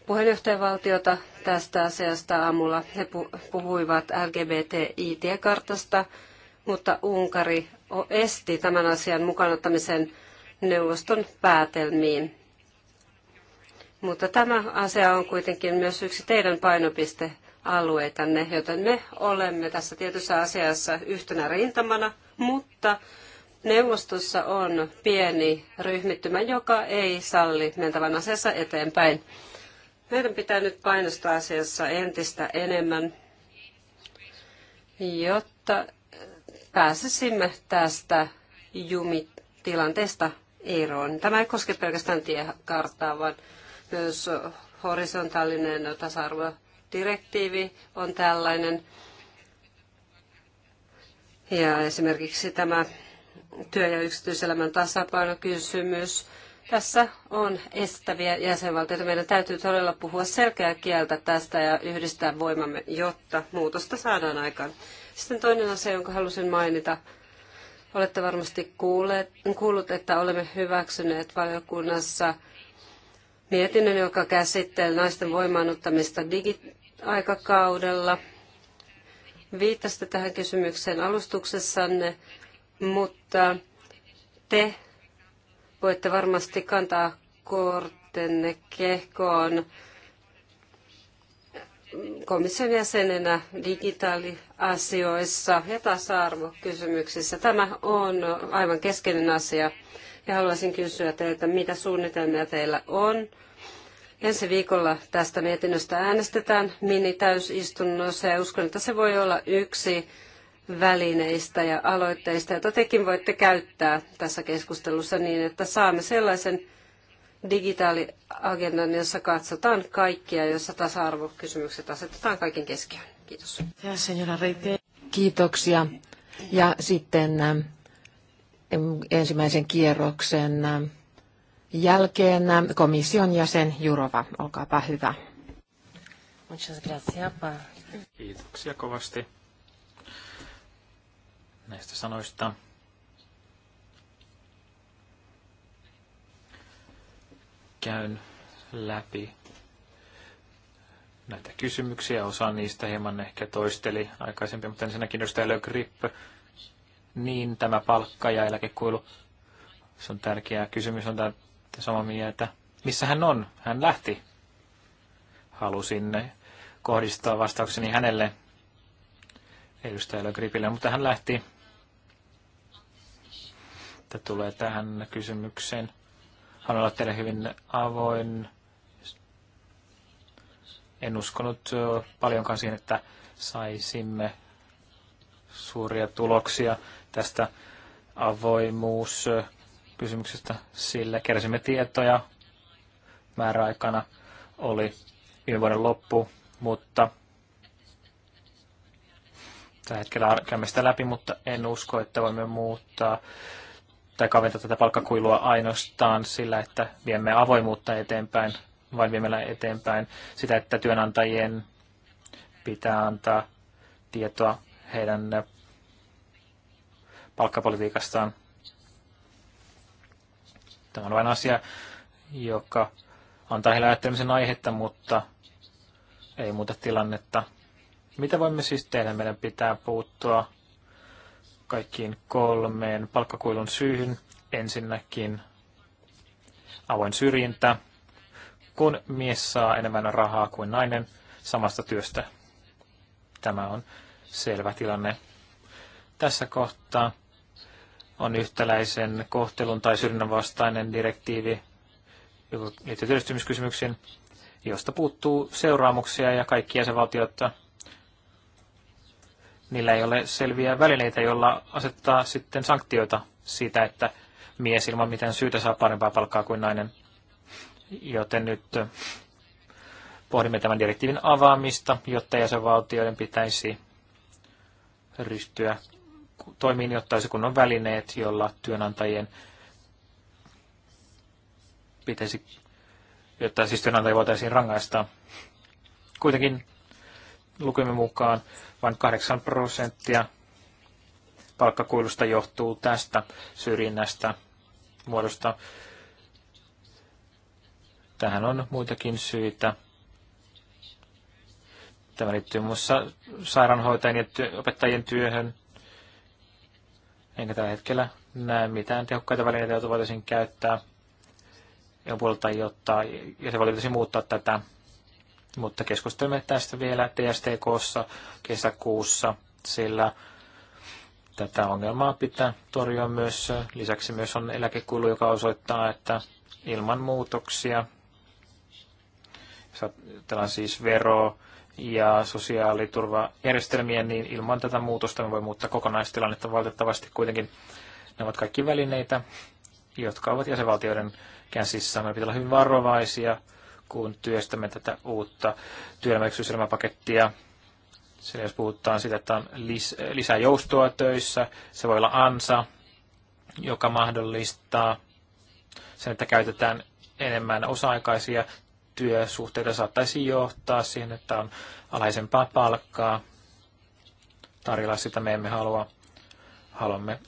S3: puheenjohtajavaltiota tästä asiasta aamulla. He puhuivat LGBTI-tiekartasta, mutta Unkari esti tämän asian mukanaottamisen neuvoston päätelmiin. Mutta tämä asia on kuitenkin myös yksi teidän painopistealueitanne, joten me olemme tässä tietyssä asiassa yhtenä rintamana, mutta neuvostossa on pieni ryhmittymä, joka ei salli mentävän asiassa eteenpäin. Meidän pitää nyt painostaa asiassa entistä enemmän, jotta pääsisimme tästä jumitilanteesta eroon. Tämä ei koske pelkästään tiekarttaa, vaan myös horisontaalinen tasa-arvodirektiivi on tällainen. Ja esimerkiksi tämä työ- ja yksityiselämän tasapainokysymys, tässä on estäviä jäsenvaltioita. Meidän täytyy todella puhua selkeää kieltä tästä ja yhdistää voimamme, jotta muutosta saadaan aikaan. Sitten toinen asia, jonka halusin mainita. Olette varmasti kuulleet, kuullut, että olemme hyväksyneet valiokunnassa mietinnön, joka käsittelee naisten voimaannuttamista digiaikakaudella. Viittasitte tähän kysymykseen alustuksessanne, mutta te Voitte varmasti kantaa kortenne kehkoon komission jäsenenä digitaaliasioissa ja tasa-arvokysymyksissä. Tämä on aivan keskeinen asia ja haluaisin kysyä teiltä, mitä suunnitelmia teillä on. Ensi viikolla tästä mietinnöstä äänestetään mini-täysistunnossa ja uskon, että se voi olla yksi välineistä ja aloitteista, joita tekin voitte käyttää tässä keskustelussa niin, että saamme sellaisen digitaaliagendan, jossa katsotaan kaikkia, jossa tasa-arvokysymykset asetetaan kaiken keskiöön. Kiitos.
S1: Kiitoksia. Ja sitten ähm, ensimmäisen kierroksen ähm, jälkeen ähm, komission jäsen Jurova, olkaapa hyvä.
S2: Kiitoksia kovasti näistä sanoista. Käyn läpi näitä kysymyksiä. Osa niistä hieman ehkä toisteli aikaisempi, mutta ensinnäkin edustaja Le Grip. Niin, tämä palkka ja eläkekuilu. Se on tärkeä kysymys, on tämä sama mieltä. Missä hän on? Hän lähti. Halusin kohdistaa vastaukseni hänelle edustaja Le Gripille, mutta hän lähti että tulee tähän kysymykseen. Haluan olla teille hyvin avoin. En uskonut paljonkaan siihen, että saisimme suuria tuloksia tästä avoimuuskysymyksestä, sillä keräsimme tietoja määräaikana oli viime vuoden loppu, mutta tällä hetkellä käymme sitä läpi, mutta en usko, että voimme muuttaa tai kaventaa tätä palkkakuilua ainoastaan sillä, että viemme avoimuutta eteenpäin, vain viemällä eteenpäin sitä, että työnantajien pitää antaa tietoa heidän palkkapolitiikastaan. Tämä on vain asia, joka antaa heille ajattelemisen aihetta, mutta ei muuta tilannetta. Mitä voimme siis tehdä? Meidän pitää puuttua kaikkiin kolmeen palkkakuilun syyhyn. Ensinnäkin avoin syrjintä, kun mies saa enemmän rahaa kuin nainen samasta työstä. Tämä on selvä tilanne. Tässä kohtaa on yhtäläisen kohtelun tai syrjinnän vastainen direktiivi, joka liittyy työllistymiskysymyksiin, josta puuttuu seuraamuksia ja kaikki jäsenvaltiot niillä ei ole selviä välineitä, jolla asettaa sitten sanktioita siitä, että mies ilman mitään syytä saa parempaa palkkaa kuin nainen. Joten nyt äh, pohdimme tämän direktiivin avaamista, jotta jäsenvaltioiden pitäisi ryhtyä toimiin, jotta olisi kunnon välineet, jolla työnantajien pitäisi, jotta siis työnantajia voitaisiin rangaista. Kuitenkin lukemme mukaan vain 8 prosenttia palkkakuilusta johtuu tästä syrjinnästä muodosta. Tähän on muitakin syitä. Tämä liittyy muun muassa sairaanhoitajien ja ty- opettajien työhön. Enkä tällä hetkellä näe mitään tehokkaita välineitä, joita voitaisiin käyttää ja puolelta jotta jäsenvaltio muuttaa tätä mutta keskustelemme tästä vielä TSTKssa kesäkuussa, sillä tätä ongelmaa pitää torjua myös. Lisäksi myös on eläkekuilu, joka osoittaa, että ilman muutoksia, tällainen siis vero ja sosiaaliturvajärjestelmiä, niin ilman tätä muutosta me voi muuttaa kokonaistilannetta valitettavasti kuitenkin. Ne ovat kaikki välineitä, jotka ovat jäsenvaltioiden käsissä. Me pitää olla hyvin varovaisia kun työstämme tätä uutta työelämäyksyselmäpakettia. Sillä jos puhutaan siitä, että on lis- lisää joustoa töissä, se voi olla ansa, joka mahdollistaa sen, että käytetään enemmän osa-aikaisia työsuhteita saattaisi johtaa siihen, että on alhaisempaa palkkaa. Tarjolla sitä me emme halua. Haluamme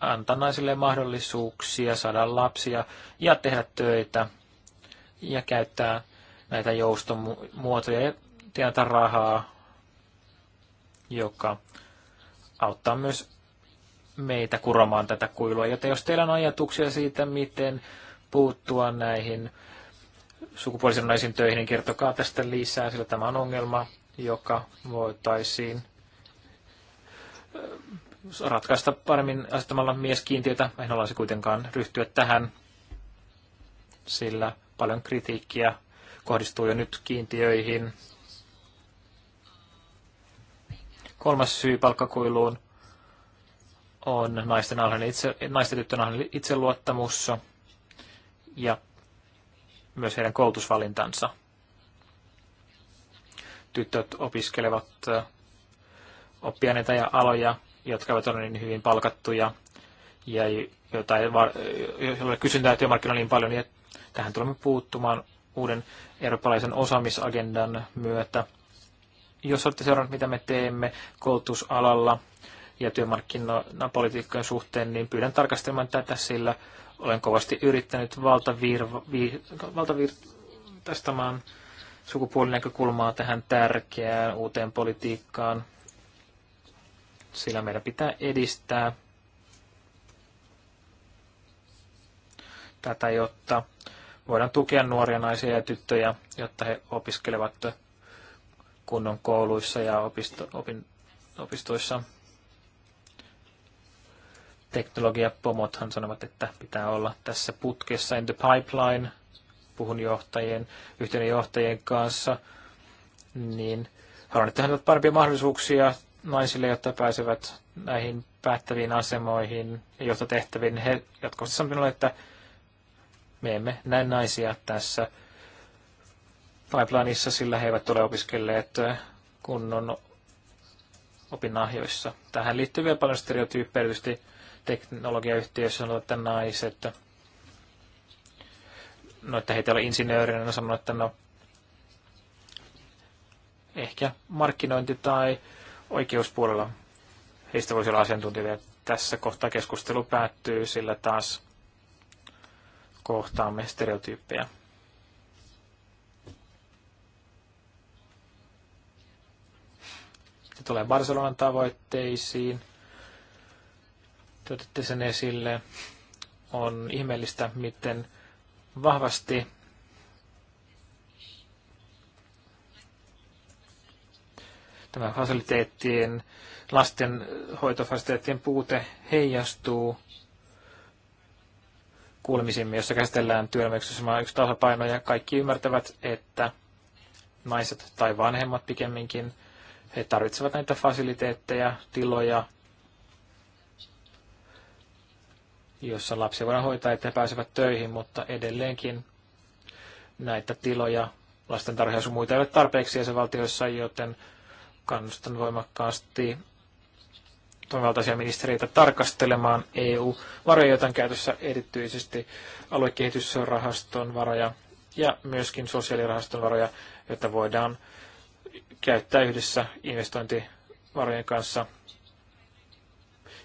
S2: antaa naisille mahdollisuuksia saada lapsia ja tehdä töitä ja käyttää näitä joustomuotoja ja tienata rahaa, joka auttaa myös meitä kuromaan tätä kuilua. Joten jos teillä on ajatuksia siitä, miten puuttua näihin sukupuolisen naisiin töihin, niin kertokaa tästä lisää, sillä tämä on ongelma, joka voitaisiin äh, ratkaista paremmin asettamalla mieskiintiötä. En haluaisi kuitenkaan ryhtyä tähän, sillä Paljon kritiikkiä kohdistuu jo nyt kiintiöihin. Kolmas syy palkkakuiluun on naisten, alhainen itse, naisten tyttöjen alhainen itseluottamus ja myös heidän koulutusvalintansa. Tytöt opiskelevat oppiaineita ja aloja, jotka ovat niin hyvin palkattuja ja joita ei, joilla kysyntää työmarkkinoilla niin paljon, ja niin Tähän tulemme puuttumaan uuden eurooppalaisen osaamisagendan myötä. Jos olette seurannut, mitä me teemme koulutusalalla ja työmarkkinapolitiikkojen suhteen, niin pyydän tarkastelemaan tätä, sillä olen kovasti yrittänyt valtavirtaistamaan valtavir, sukupuolinäkökulmaa tähän tärkeään uuteen politiikkaan, sillä meidän pitää edistää tätä, jotta voidaan tukea nuoria naisia ja tyttöjä, jotta he opiskelevat kunnon kouluissa ja opisto, opin, opistoissa. Teknologiapomothan sanovat, että pitää olla tässä putkessa in the pipeline, puhun johtajien, yhteyden johtajien kanssa, niin haluan, että heillä on parempia mahdollisuuksia naisille, jotta pääsevät näihin päättäviin asemoihin ja johtotehtäviin. He jatkuvasti sanovat minulle, että me emme näe naisia tässä pipelineissa, sillä he eivät ole opiskelleet äh, kunnon opinahjoissa. Tähän liittyy vielä paljon stereotyyppejä, erityisesti teknologiayhtiöissä on että naiset, no että heitä ei ole insinöörinä, no sanonut, että no ehkä markkinointi tai oikeuspuolella heistä voisi olla asiantuntijoita. Tässä kohtaa keskustelu päättyy, sillä taas kohtaamme stereotyyppejä. Sitten tulee Barcelonan tavoitteisiin. Te otitte sen esille. On ihmeellistä, miten vahvasti tämä fasiliteettien, lastenhoitofasiliteettien puute heijastuu kuulemisimme, jossa käsitellään työelämäyksestä yksi ja Kaikki ymmärtävät, että naiset tai vanhemmat pikemminkin, he tarvitsevat näitä fasiliteetteja, tiloja, jossa lapsia voidaan hoitaa, että he pääsevät töihin, mutta edelleenkin näitä tiloja, lasten ja muita ei ole tarpeeksi jäsenvaltioissa, joten kannustan voimakkaasti toimivaltaisia ministeriöitä tarkastelemaan EU-varoja, joita on käytössä erityisesti aluekehitysrahaston varoja ja myöskin sosiaalirahaston varoja, joita voidaan käyttää yhdessä investointivarojen kanssa.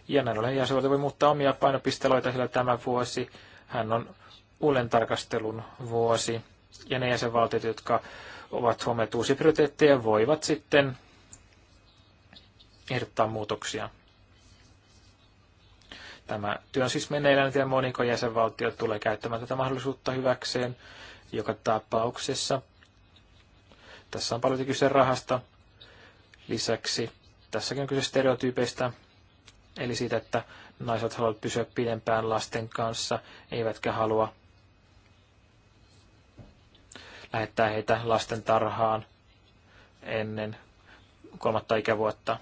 S2: Ja näin ollen jäsenvaltio voi muuttaa omia painopisteloita, sillä tämä vuosi hän on uuden tarkastelun vuosi. Ja ne jäsenvaltiot, jotka ovat huomioitu uusia prioriteetteja, voivat sitten ehdottaa muutoksia. Tämä työ on siis meneillään ja moniko jäsenvaltio tulee käyttämään tätä mahdollisuutta hyväkseen joka tapauksessa. Tässä on paljon kyse rahasta. Lisäksi tässäkin on kyse stereotyypeistä, eli siitä, että naiset haluavat pysyä pidempään lasten kanssa, eivätkä halua lähettää heitä lasten tarhaan ennen kolmatta ikävuotta.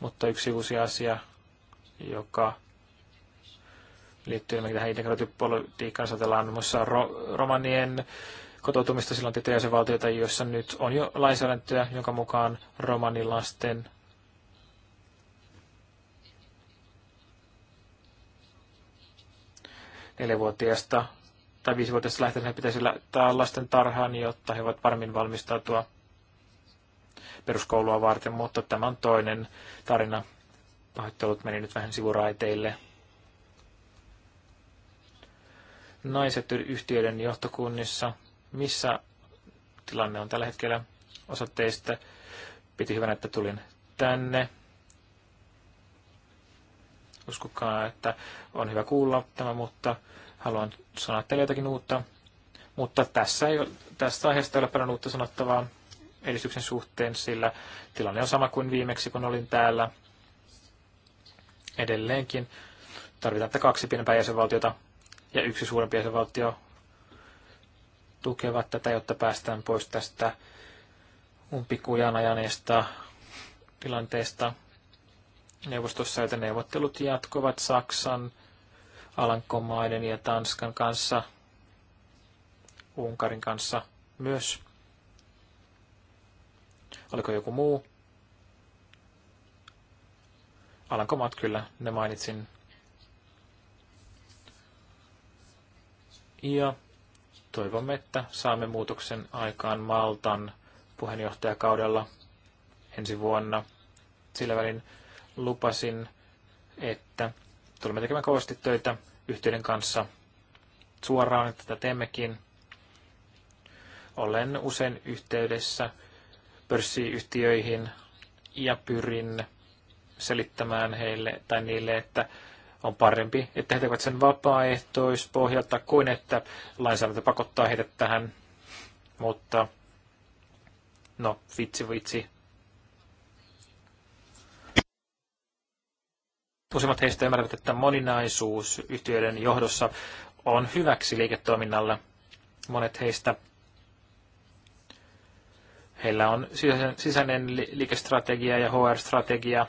S2: Mutta yksi uusi asia, joka liittyy enemmänkin tähän integrointipolitiikkaan, ajatellaan muun muassa ro- romanien kotoutumista silloin tiettyjä valtioita, joissa nyt on jo lainsäädäntöä, jonka mukaan romanilasten neljävuotiaasta tai viisivuotiaasta lähtien he pitäisi laittaa lasten tarhaan, jotta he voivat paremmin valmistautua peruskoulua varten, mutta tämä on toinen tarina. Pahoittelut meni nyt vähän sivuraiteille. Naiset yhtiöiden johtokunnissa, missä tilanne on tällä hetkellä. Osa teistä piti hyvänä, että tulin tänne. Uskokaa, että on hyvä kuulla tämä, mutta haluan sanoa teille jotakin uutta. Mutta tässä, ei, tästä aiheesta ei ole paljon uutta sanottavaa edistyksen suhteen, sillä tilanne on sama kuin viimeksi, kun olin täällä. Edelleenkin tarvitaan kaksi pienempää jäsenvaltiota ja yksi suurempi jäsenvaltio tukevat tätä, jotta päästään pois tästä umpikujan ajaneesta tilanteesta neuvostossa, joten neuvottelut jatkuvat Saksan, Alankomaiden ja Tanskan kanssa, Unkarin kanssa myös. Oliko joku muu? Alankomaat kyllä, ne mainitsin. Ja toivomme, että saamme muutoksen aikaan Maltan puheenjohtajakaudella ensi vuonna. Sillä välin lupasin, että tulemme tekemään kovasti töitä yhteyden kanssa suoraan, että tätä teemmekin. Olen usein yhteydessä pörssiyhtiöihin ja pyrin selittämään heille tai niille, että on parempi, että he tekevät sen vapaaehtoispohjalta kuin että lainsäädäntö pakottaa heidät tähän. Mutta no, vitsi vitsi. Useimmat heistä ymmärtävät, että moninaisuus yhtiöiden johdossa on hyväksi liiketoiminnalle. Monet heistä Heillä on sisäinen liikestrategia ja HR-strategia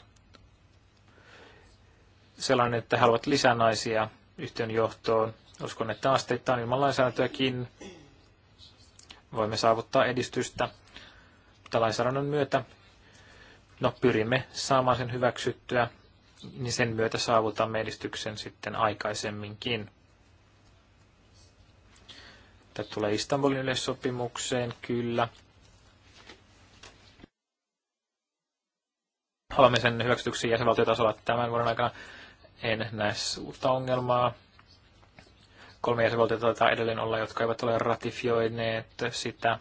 S2: sellainen, että he haluavat lisää naisia yhtiön johtoon. Uskon, että asteittain ilman lainsäädäntöäkin voimme saavuttaa edistystä. Mutta lainsäädännön myötä no, pyrimme saamaan sen hyväksyttyä, niin sen myötä saavutamme edistyksen sitten aikaisemminkin. Tämä tulee Istanbulin yleissopimukseen, kyllä. haluamme sen hyväksytyksi jäsenvaltiotasolla tämän vuoden aikana. En näe uutta ongelmaa. Kolme jäsenvaltiota taitaa edelleen olla, jotka eivät ole ratifioineet sitä,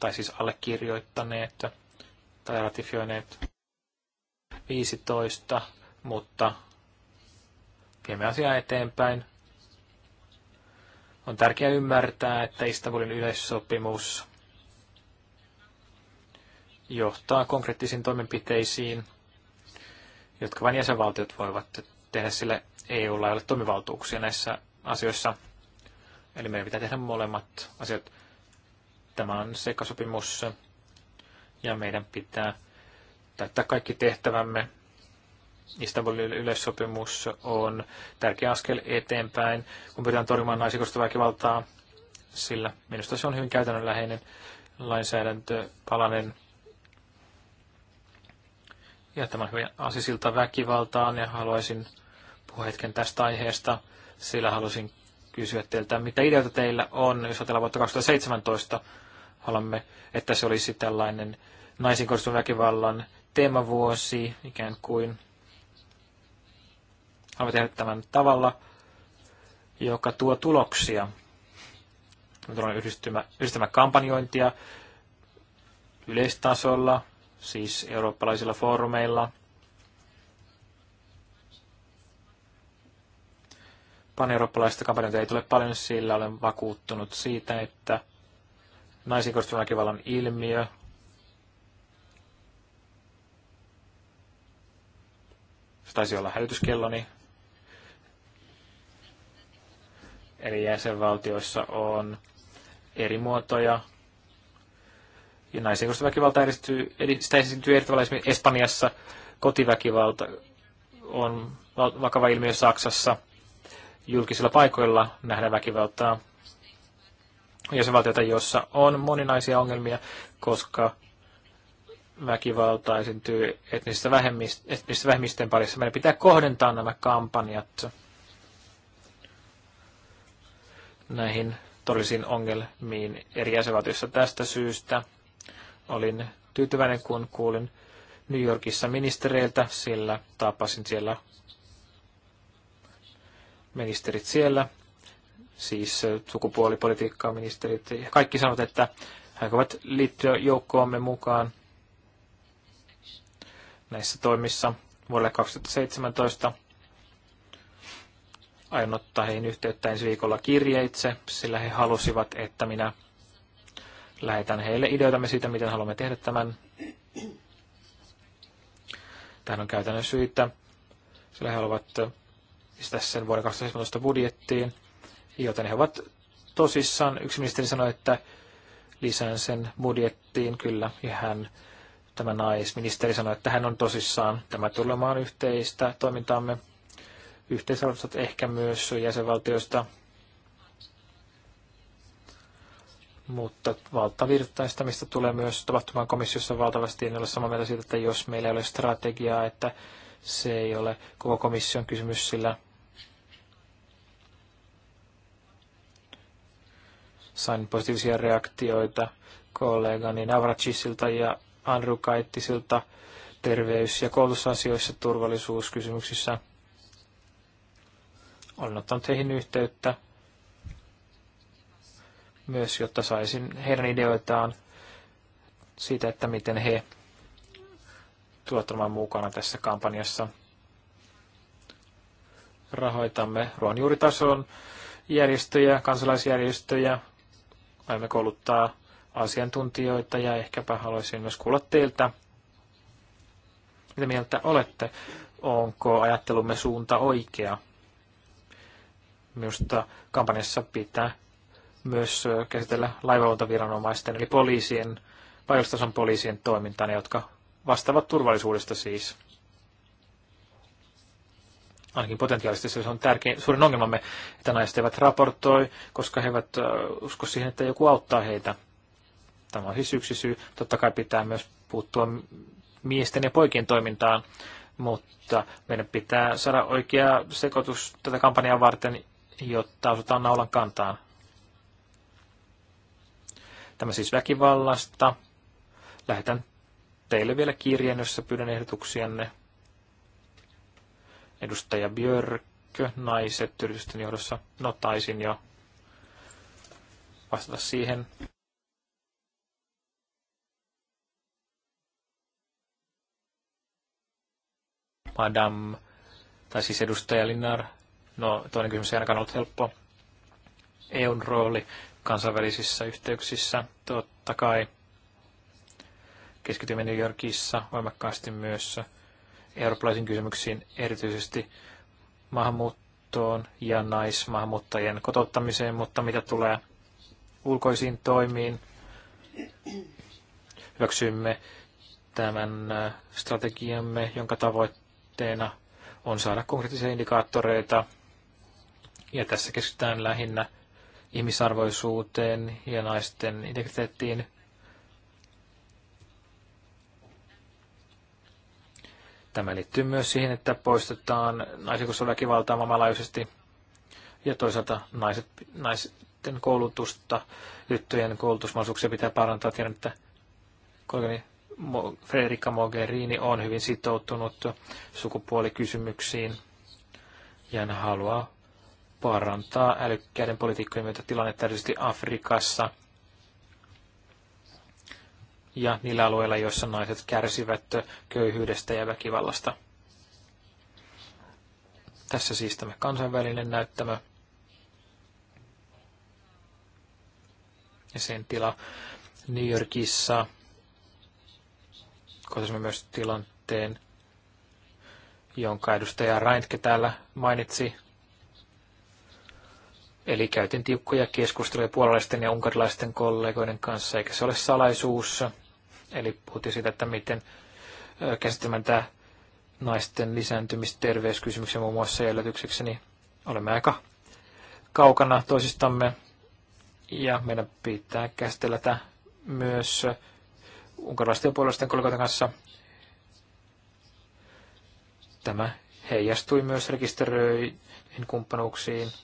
S2: tai siis allekirjoittaneet tai ratifioineet 15, mutta viemme asiaa eteenpäin. On tärkeää ymmärtää, että Istanbulin yleissopimus johtaa konkreettisiin toimenpiteisiin, jotka vain jäsenvaltiot voivat tehdä, sille EUlla ei ole toimivaltuuksia näissä asioissa. Eli meidän pitää tehdä molemmat asiat. Tämä on sekasopimus ja meidän pitää täyttää kaikki tehtävämme. Istanbulin yleissopimus on tärkeä askel eteenpäin, kun pyritään torjumaan naisikosta väkivaltaa, sillä minusta se on hyvin käytännönläheinen lainsäädäntöpalanen. palanen ja tämä hyvin asisilta väkivaltaan ja haluaisin puhua hetken tästä aiheesta, sillä halusin kysyä teiltä, mitä ideoita teillä on, jos ajatellaan vuotta 2017, haluamme, että se olisi tällainen naisiin kohdistuvan väkivallan teemavuosi, ikään kuin haluamme tehdä tämän tavalla, joka tuo tuloksia. Tämä on yhdistelmä, yhdistelmä kampanjointia yleistasolla, siis eurooppalaisilla foorumeilla. Paneurooppalaista kampanjoita ei tule paljon, sillä olen vakuuttunut siitä, että naisiin kohdistuvan väkivallan ilmiö se taisi olla hälytyskelloni. Eli jäsenvaltioissa on eri muotoja ja naisen koska väkivalta edistyy, sitä esiintyy eri tavalla esimerkiksi Espanjassa. Kotiväkivalta on vakava ilmiö Saksassa. Julkisilla paikoilla nähdään väkivaltaa jäsenvaltioita, jossa on moninaisia ongelmia, koska väkivaltaa esiintyy etnisissä, vähemmist, vähemmistöjen parissa. Meidän pitää kohdentaa nämä kampanjat näihin todellisiin ongelmiin eri jäsenvaltioissa tästä syystä. Olin tyytyväinen, kun kuulin New Yorkissa ministereiltä, sillä tapasin siellä ministerit siellä, siis sukupuolipolitiikkaa ministerit. kaikki sanovat, että he ovat liittyä joukkoomme mukaan näissä toimissa vuodelle 2017. Aion ottaa heihin yhteyttä ensi viikolla kirjeitse, sillä he halusivat, että minä lähetän heille ideoitamme siitä, miten haluamme tehdä tämän. Tähän on käytännön syitä, sillä he haluavat pistää sen vuoden 2017 budjettiin, joten he ovat tosissaan. Yksi ministeri sanoi, että lisään sen budjettiin kyllä, ja hän, tämä naisministeri sanoi, että hän on tosissaan. Tämä tulemaan yhteistä toimintaamme. Yhteisarvostot ehkä myös jäsenvaltioista mutta valtavirtaistamista tulee myös tapahtumaan komissiossa valtavasti. En ole samaa mieltä siitä, että jos meillä ei ole strategiaa, että se ei ole koko komission kysymys, sillä sain positiivisia reaktioita kollegani Navracisilta ja Andrew Kaittisilta terveys- ja koulutusasioissa turvallisuuskysymyksissä. Olen ottanut heihin yhteyttä myös, jotta saisin heidän ideoitaan siitä, että miten he olemaan mukana tässä kampanjassa. Rahoitamme ruoanjuuritason järjestöjä, kansalaisjärjestöjä. Aiomme kouluttaa asiantuntijoita ja ehkäpä haluaisin myös kuulla teiltä, mitä mieltä olette. Onko ajattelumme suunta oikea? Minusta kampanjassa pitää myös käsitellä laivavalvontaviranomaisten eli poliisien, paikallistason poliisien toimintaa, ne, jotka vastaavat turvallisuudesta siis. Ainakin potentiaalisesti se on tärkein, suurin ongelmamme, että naiset eivät raportoi, koska he eivät usko siihen, että joku auttaa heitä. Tämä on siis yksi syy. Totta kai pitää myös puuttua miesten ja poikien toimintaan, mutta meidän pitää saada oikea sekoitus tätä kampanjaa varten, jotta osutaan naulan kantaan. Tämä siis väkivallasta. Lähetän teille vielä kirjeen, jossa pyydän ehdotuksianne. Edustaja Björkö, naiset yritysten johdossa. No taisin jo vastata siihen. Madame, tai siis edustaja Linnar. No, toinen kysymys ei ainakaan ollut helppo. EUn rooli kansainvälisissä yhteyksissä. Totta kai keskitymme New Yorkissa voimakkaasti myös eurooppalaisiin kysymyksiin, erityisesti maahanmuuttoon ja naismaahanmuuttajien kotouttamiseen, mutta mitä tulee ulkoisiin toimiin, hyväksymme tämän strategiamme, jonka tavoitteena on saada konkreettisia indikaattoreita. Ja tässä keskitytään lähinnä ihmisarvoisuuteen ja naisten integriteettiin. Tämä liittyy myös siihen, että poistetaan naisikossa väkivaltaa maailmanlaajuisesti ja toisaalta naiset, naisten koulutusta, tyttöjen koulutusmahdollisuuksia pitää parantaa. Tiedän, että kollegani Federica Mogherini on hyvin sitoutunut sukupuolikysymyksiin ja hän haluaa parantaa älykkäiden politiikkojen myötä tilannetta erityisesti Afrikassa ja niillä alueilla, joissa naiset kärsivät köyhyydestä ja väkivallasta. Tässä siis tämä kansainvälinen näyttämä ja sen tila New Yorkissa. Kohtaisimme myös tilanteen, jonka edustaja Reintke täällä mainitsi Eli käytin tiukkoja keskusteluja puolalaisten ja unkarilaisten kollegoiden kanssa, eikä se ole salaisuus. Eli puhuttiin siitä, että miten käsittämään tämä naisten lisääntymisterveyskysymyksen muun muassa jäljitykseksi, niin olemme aika kaukana toisistamme. Ja meidän pitää käsitellä tätä myös unkarilaisten ja puolalaisten kollegoiden kanssa. Tämä heijastui myös rekisteröihin kumppanuuksiin –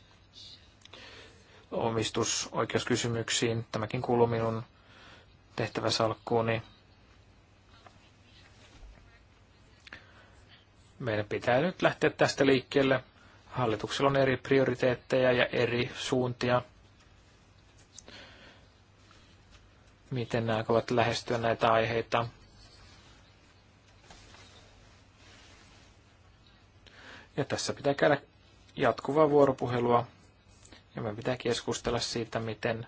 S2: omistusoikeuskysymyksiin. Tämäkin kuuluu minun tehtäväsalkkuuni. Meidän pitää nyt lähteä tästä liikkeelle. Hallituksella on eri prioriteetteja ja eri suuntia. Miten nämä aikovat lähestyä näitä aiheita? Ja tässä pitää käydä jatkuvaa vuoropuhelua ja me pitää keskustella siitä, miten,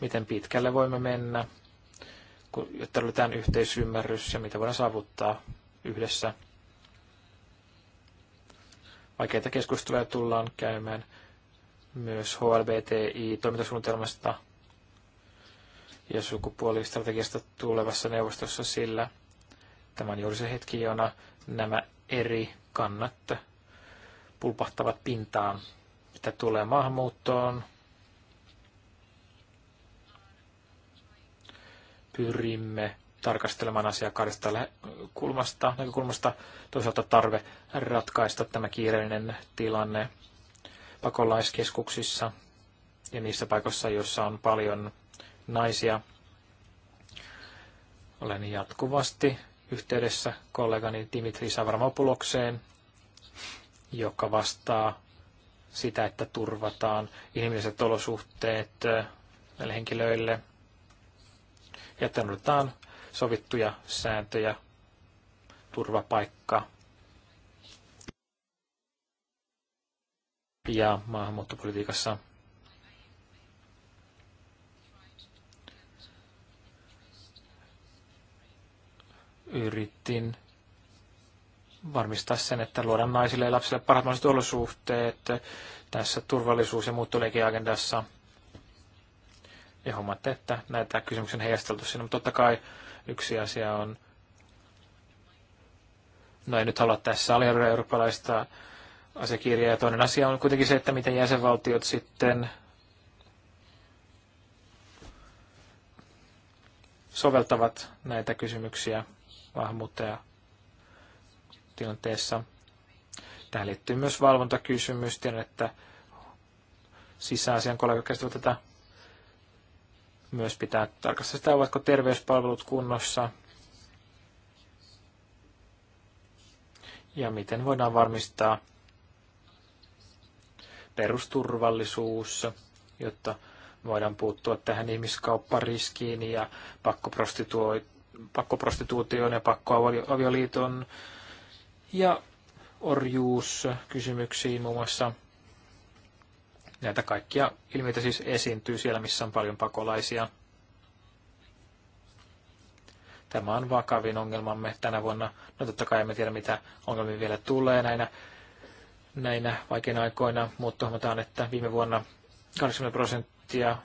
S2: miten pitkälle voimme mennä, kun jotta löytään yhteisymmärrys ja mitä voidaan saavuttaa yhdessä. Vaikeita keskusteluja tullaan käymään myös HLBTI-toimintasuunnitelmasta ja sukupuolistrategiasta tulevassa neuvostossa, sillä tämän juuri se hetki, jona nämä eri kannat pulpahtavat pintaan mitä tulee maahanmuuttoon, pyrimme tarkastelemaan asiaa kahdesta kulmasta, näkökulmasta. Toisaalta tarve ratkaista tämä kiireellinen tilanne pakolaiskeskuksissa ja niissä paikoissa, joissa on paljon naisia. Olen jatkuvasti yhteydessä kollegani Dimitri Savramopulokseen, joka vastaa sitä, että turvataan inhimilliset olosuhteet näille henkilöille ja että sovittuja sääntöjä, turvapaikka ja maahanmuuttopolitiikassa yritin varmistaa sen, että luodaan naisille ja lapsille parhaat mahdolliset olosuhteet tässä turvallisuus- ja muuttoliikeagendassa. Ja huomaatte, että näitä kysymyksiä on heijasteltu siinä, mutta totta kai yksi asia on, no ei nyt halua tässä aliarvoida eurooppalaista asiakirjaa, ja toinen asia on kuitenkin se, että miten jäsenvaltiot sitten soveltavat näitä kysymyksiä maahanmuuttaja tilanteessa. Tähän liittyy myös valvontakysymys. Tiedän, että sisäasian kollega käsittää tätä myös pitää tarkastaa sitä, ovatko terveyspalvelut kunnossa ja miten voidaan varmistaa perusturvallisuus, jotta voidaan puuttua tähän ihmiskauppariskiin ja pakkoprostituutioon ja pakkoavioliiton ja orjuuskysymyksiin muun muassa. Näitä kaikkia ilmiöitä siis esiintyy siellä, missä on paljon pakolaisia. Tämä on vakavin ongelmamme tänä vuonna. No totta kai emme tiedä, mitä ongelmia vielä tulee näinä, näinä vaikeina aikoina, mutta huomataan, että viime vuonna 80 prosenttia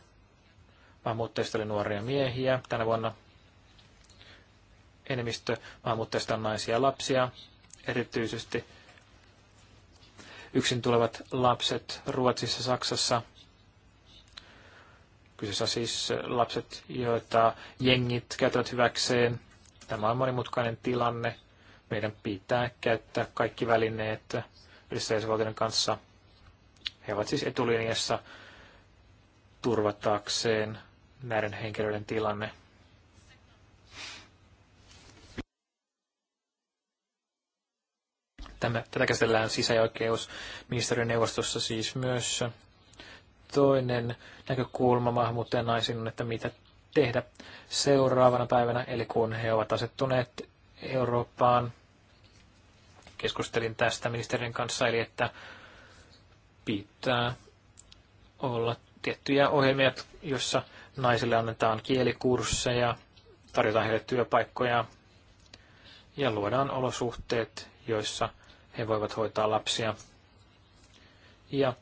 S2: maahanmuuttajista oli nuoria miehiä. Tänä vuonna enemmistö maahanmuuttajista on naisia ja lapsia erityisesti yksin tulevat lapset Ruotsissa, Saksassa. Kyseessä siis lapset, joita jengit käyttävät hyväkseen. Tämä on monimutkainen tilanne. Meidän pitää käyttää kaikki välineet yhdessä jäsenvaltioiden kanssa. He ovat siis etulinjassa turvatakseen näiden henkilöiden tilanne. Tämä, tätä käsitellään sisä- ja oikeusministeriön neuvostossa siis myös. Toinen näkökulma maahanmuuttajan naisiin on, että mitä tehdä seuraavana päivänä, eli kun he ovat asettuneet Eurooppaan. Keskustelin tästä ministerin kanssa, eli että pitää olla tiettyjä ohjelmia, joissa naisille annetaan kielikursseja, tarjotaan heille työpaikkoja ja luodaan olosuhteet, joissa he voivat hoitaa lapsia. Ja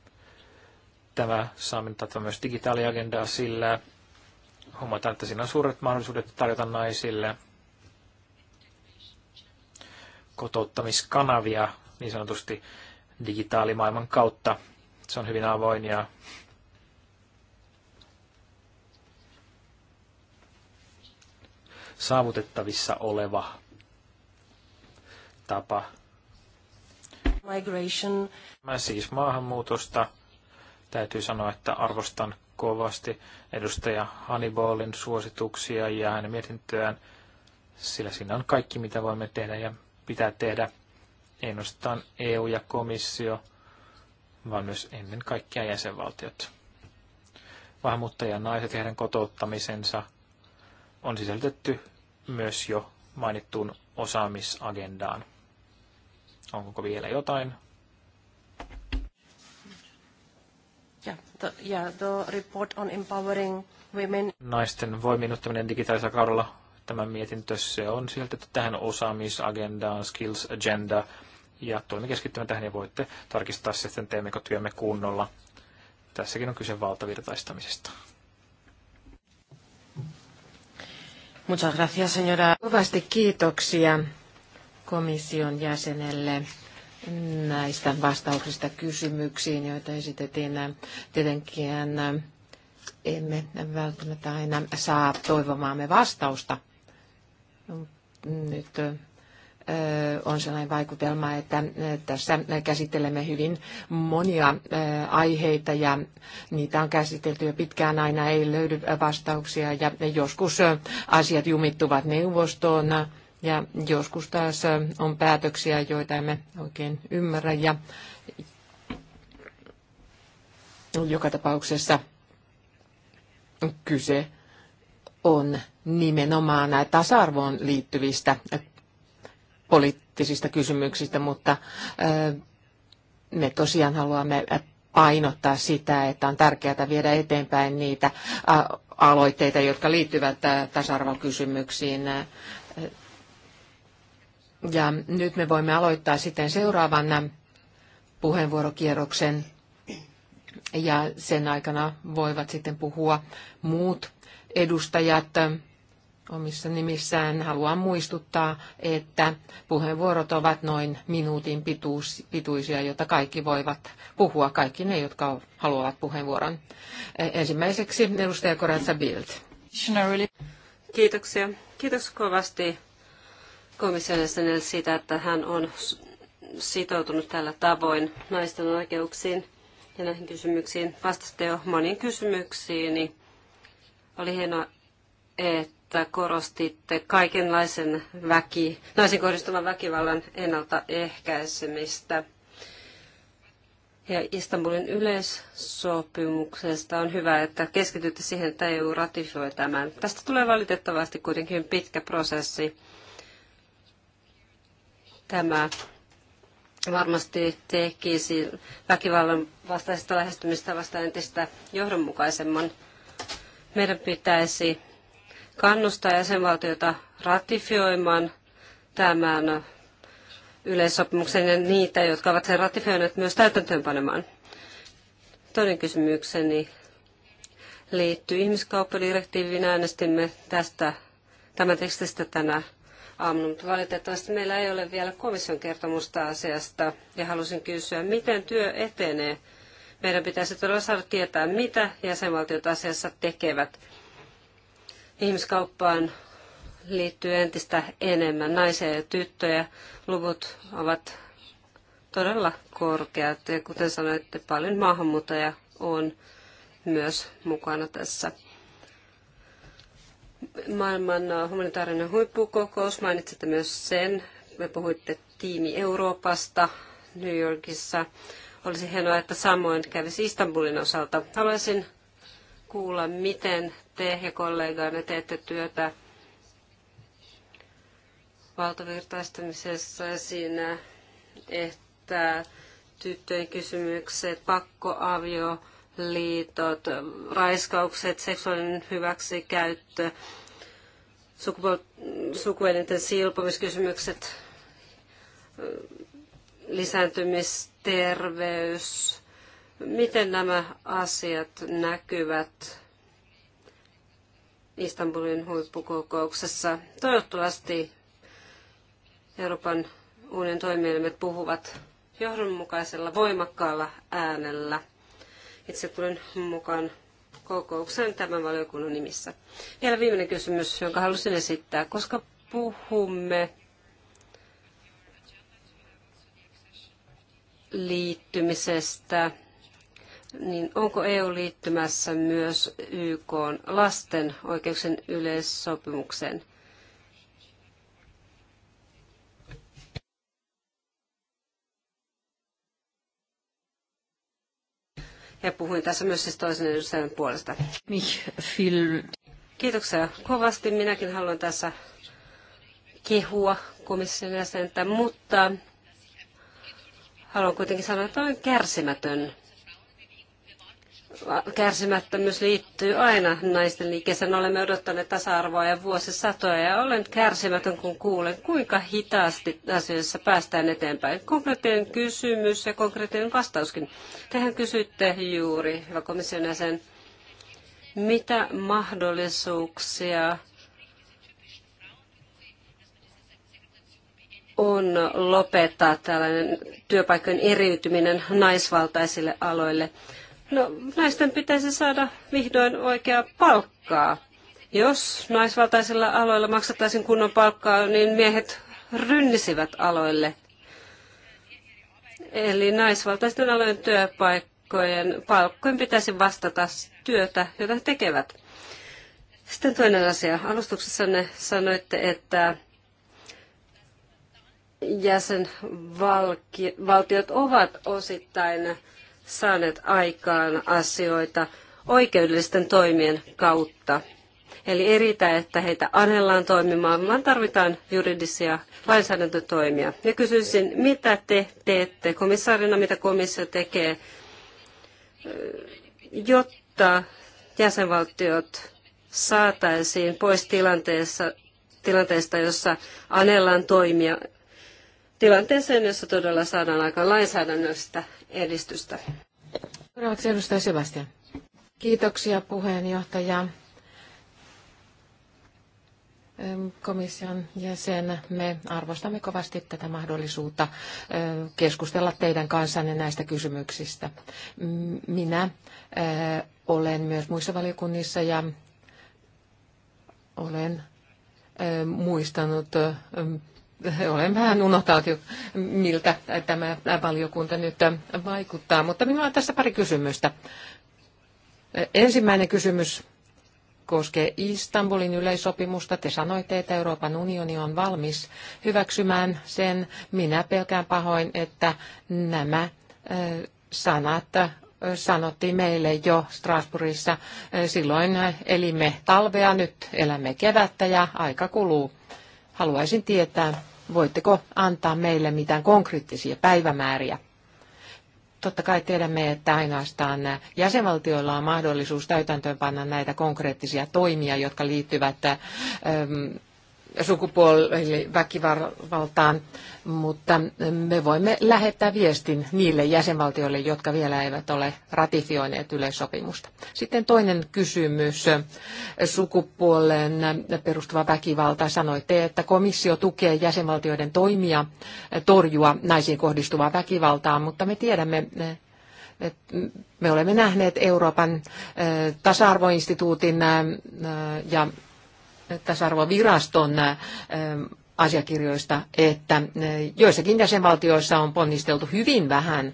S2: tämä saaminen tätä myös digitaaliagendaa, sillä huomataan, että siinä on suuret mahdollisuudet tarjota naisille kotouttamiskanavia niin sanotusti digitaalimaailman kautta. Se on hyvin avoin ja saavutettavissa oleva tapa
S3: Migration.
S2: Mä siis maahanmuutosta täytyy sanoa, että arvostan kovasti edustaja Hannibalin suosituksia ja hänen mietintöään, sillä siinä on kaikki, mitä voimme tehdä ja pitää tehdä. Ei nostaan EU ja komissio, vaan myös ennen kaikkea jäsenvaltiot. Maahanmuuttajien naiset ja heidän kotouttamisensa on sisältetty myös jo mainittuun osaamisagendaan. Onko vielä jotain?
S1: Ja, the,
S3: yeah, the report on empowering women.
S2: Naisten voiminuttaminen digitaalisella kaudella. Tämä mietintö se on sieltä tähän osaamisagendaan, skills agenda. Ja tulemme keskittymään tähän ja voitte tarkistaa sitten teemmekö työmme kunnolla. Tässäkin on kyse valtavirtaistamisesta.
S1: Muchas gracias, señora. Kovasti kiitoksia komission jäsenelle näistä vastauksista kysymyksiin, joita esitettiin. Tietenkin eh, emme välttämättä aina saa toivomaamme vastausta. Nyt eh, on sellainen vaikutelma, että eh, tässä käsittelemme hyvin monia aiheita ja niitä on käsitelty jo pitkään, aina ei löydy vastauksia ja joskus asiat jumittuvat neuvostoon ja joskus taas on päätöksiä, joita emme oikein ymmärrä. Ja joka tapauksessa kyse on nimenomaan tasa-arvoon liittyvistä poliittisista kysymyksistä, mutta me tosiaan haluamme painottaa sitä, että on tärkeää viedä eteenpäin niitä aloitteita, jotka liittyvät tasa-arvokysymyksiin. Ja nyt me voimme aloittaa sitten seuraavan puheenvuorokierroksen. Ja sen aikana voivat sitten puhua muut edustajat omissa nimissään. Haluan muistuttaa, että puheenvuorot ovat noin minuutin pituus, pituisia, jotta kaikki voivat puhua, kaikki ne, jotka haluavat puheenvuoron. Ensimmäiseksi edustaja Koratsa Bild. Kiitoksia.
S3: Kiitos kovasti komission jäsenelle siitä, että hän on sitoutunut tällä tavoin naisten oikeuksiin ja näihin kysymyksiin. Vastasitte jo moniin kysymyksiin, niin oli hienoa, että korostitte kaikenlaisen väki, naisen kohdistuvan väkivallan ennaltaehkäisemistä. Ja Istanbulin yleissopimuksesta on hyvä, että keskitytte siihen, että EU ratifioi tämän. Tästä tulee valitettavasti kuitenkin pitkä prosessi. Tämä varmasti tekisi väkivallan vastaisesta lähestymistä vasta entistä johdonmukaisemman. Meidän pitäisi kannustaa jäsenvaltiota ratifioimaan tämän yleissopimuksen ja niitä, jotka ovat sen ratifioineet myös täytäntöönpanemaan. Toinen kysymykseni liittyy ihmiskauppadirektiiviin. Äänestimme tästä, tämän tekstistä tänä aamuna, mutta valitettavasti meillä ei ole vielä komission kertomusta asiasta ja halusin kysyä, miten työ etenee. Meidän pitäisi todella saada tietää, mitä jäsenvaltiot asiassa tekevät. Ihmiskauppaan liittyy entistä enemmän naisia ja tyttöjä. Luvut ovat todella korkeat ja kuten sanoitte, paljon maahanmuuttajia on myös mukana tässä maailman äh, humanitaarinen huippukokous. Mainitsitte myös sen. Me puhuitte tiimi Euroopasta New Yorkissa. Olisi hienoa, että samoin kävisi Istanbulin osalta. Haluaisin kuulla, miten te ja kollegaanne teette työtä valtavirtaistamisessa ja siinä, että tyttöjen kysymykset, pakkoavio, liitot, raiskaukset, seksuaalinen hyväksikäyttö, sukuelinten silpomiskysymykset, lisääntymisterveys. Miten nämä asiat näkyvät Istanbulin huippukokouksessa? Toivottavasti Euroopan unionin toimielimet puhuvat johdonmukaisella voimakkaalla äänellä itse tulen mukaan kokoukseen tämän valiokunnan nimissä. Vielä viimeinen kysymys, jonka halusin esittää. Koska puhumme liittymisestä, niin onko EU liittymässä myös YK lasten oikeuksien yleissopimukseen? Ja puhuin tässä myös siis toisen edustajan puolesta. Kiitoksia kovasti. Minäkin haluan tässä kehua komission jäsentä, mutta haluan kuitenkin sanoa, että olen kärsimätön kärsimättömyys liittyy aina naisten liikkeeseen. Olemme odottaneet tasa-arvoa ja vuosisatoja ja olen kärsimätön, kun kuulen, kuinka hitaasti asioissa päästään eteenpäin. Konkreettinen kysymys ja konkreettinen vastauskin. Tehän kysytte juuri, hyvä komission jäsen, mitä mahdollisuuksia on lopettaa tällainen työpaikkojen eriytyminen naisvaltaisille aloille. No, naisten pitäisi saada vihdoin oikeaa palkkaa. Jos naisvaltaisilla aloilla maksattaisiin kunnon palkkaa, niin miehet rynnisivät aloille. Eli naisvaltaisten alojen työpaikkojen palkkojen pitäisi vastata työtä, jota he tekevät. Sitten toinen asia. ne sanoitte, että jäsenvaltiot ovat osittain saaneet aikaan asioita oikeudellisten toimien kautta. Eli ei riitä, että heitä anellaan toimimaan, vaan tarvitaan juridisia lainsäädäntötoimia. Ja kysyisin, mitä te teette komissaarina, mitä komissio tekee, jotta jäsenvaltiot saataisiin pois tilanteessa, tilanteesta, jossa anellaan toimia tilanteeseen, jossa todella saadaan aika lainsäädännöstä edistystä.
S1: Seuraavaksi edustaja Sebastian. Kiitoksia puheenjohtaja. Komission jäsen, me arvostamme kovasti tätä mahdollisuutta keskustella teidän kanssanne näistä kysymyksistä. Minä olen myös muissa valiokunnissa ja olen muistanut olen vähän unohtanut miltä tämä valiokunta nyt vaikuttaa, mutta minulla on tässä pari kysymystä. Ensimmäinen kysymys koskee Istanbulin yleissopimusta. Te sanoitte, että Euroopan unioni on valmis hyväksymään sen. Minä pelkään pahoin, että nämä sanat sanottiin meille jo Strasbourgissa. Silloin elimme talvea, nyt elämme kevättä ja aika kuluu. Haluaisin tietää, voitteko antaa meille mitään konkreettisia päivämääriä. Totta kai tiedämme, että ainoastaan jäsenvaltioilla on mahdollisuus täytäntöönpanna näitä konkreettisia toimia, jotka liittyvät ähm, väkivaltaan, mutta me voimme lähettää viestin niille jäsenvaltioille, jotka vielä eivät ole ratifioineet yleissopimusta. Sitten toinen kysymys, sukupuoleen perustuva väkivalta. Sanoitte, että komissio tukee jäsenvaltioiden toimia torjua naisiin kohdistuvaa väkivaltaa, mutta me tiedämme me olemme nähneet Euroopan eh, tasa-arvoinstituutin eh, ja tasa-arvoviraston asiakirjoista, että joissakin jäsenvaltioissa on ponnisteltu hyvin vähän.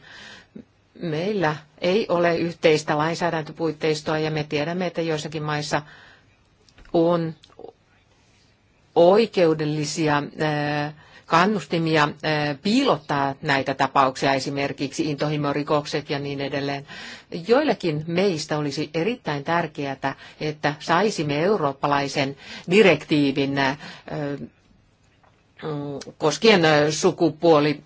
S1: Meillä ei ole yhteistä lainsäädäntöpuitteistoa ja me tiedämme, että joissakin maissa on oikeudellisia ää, kannustimia eh, piilottaa näitä tapauksia, esimerkiksi intohimorikokset ja niin edelleen. Joillekin meistä olisi erittäin tärkeää, että saisimme eurooppalaisen direktiivin eh, mm, koskien eh, sukupuoli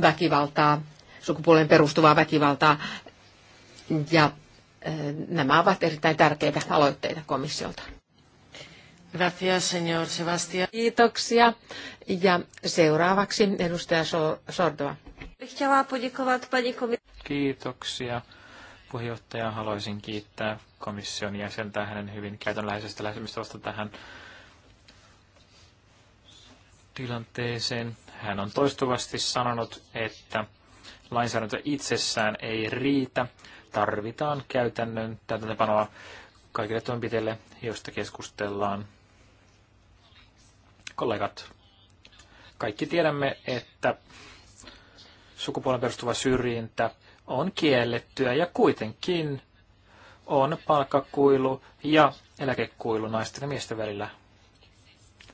S1: väkivaltaa, sukupuolen perustuvaa väkivaltaa. Ja nämä ovat erittäin tärkeitä aloitteita komissiolta. Gracias, señor Sebastián. Kiitoksia. Ja seuraavaksi edustaja Sordoa.
S2: Kiitoksia. Puheenjohtaja, haluaisin kiittää komission jäsentä hänen hyvin käytännönläheisestä lähestymistavasta tähän tilanteeseen. Hän on toistuvasti sanonut, että lainsäädäntö itsessään ei riitä. Tarvitaan käytännön täytäntöpanoa kaikille toimenpiteille, joista keskustellaan Kollegat, kaikki tiedämme, että sukupuolen perustuva syrjintä on kiellettyä ja kuitenkin on palkkakuilu ja eläkekuilu naisten ja miesten välillä.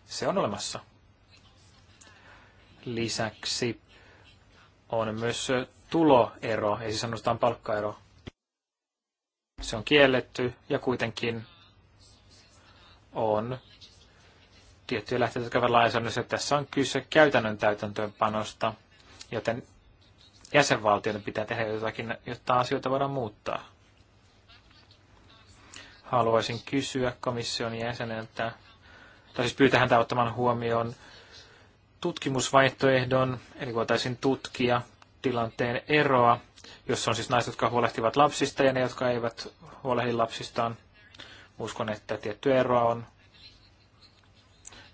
S2: Se on olemassa. Lisäksi on myös tuloero, ei siis sanotaan palkkaero. Se on kielletty ja kuitenkin on tiettyjä lähteitä käyvän lainsäädännössä. Tässä on kyse käytännön täytäntöönpanosta, joten jäsenvaltioiden pitää tehdä jotakin, jotta asioita voidaan muuttaa. Haluaisin kysyä komission jäseneltä, tai siis pyytää häntä ottamaan huomioon tutkimusvaihtoehdon, eli voitaisiin tutkia tilanteen eroa, jos on siis naiset, jotka huolehtivat lapsista ja ne, jotka eivät huolehdi lapsistaan. Uskon, että tietty eroa on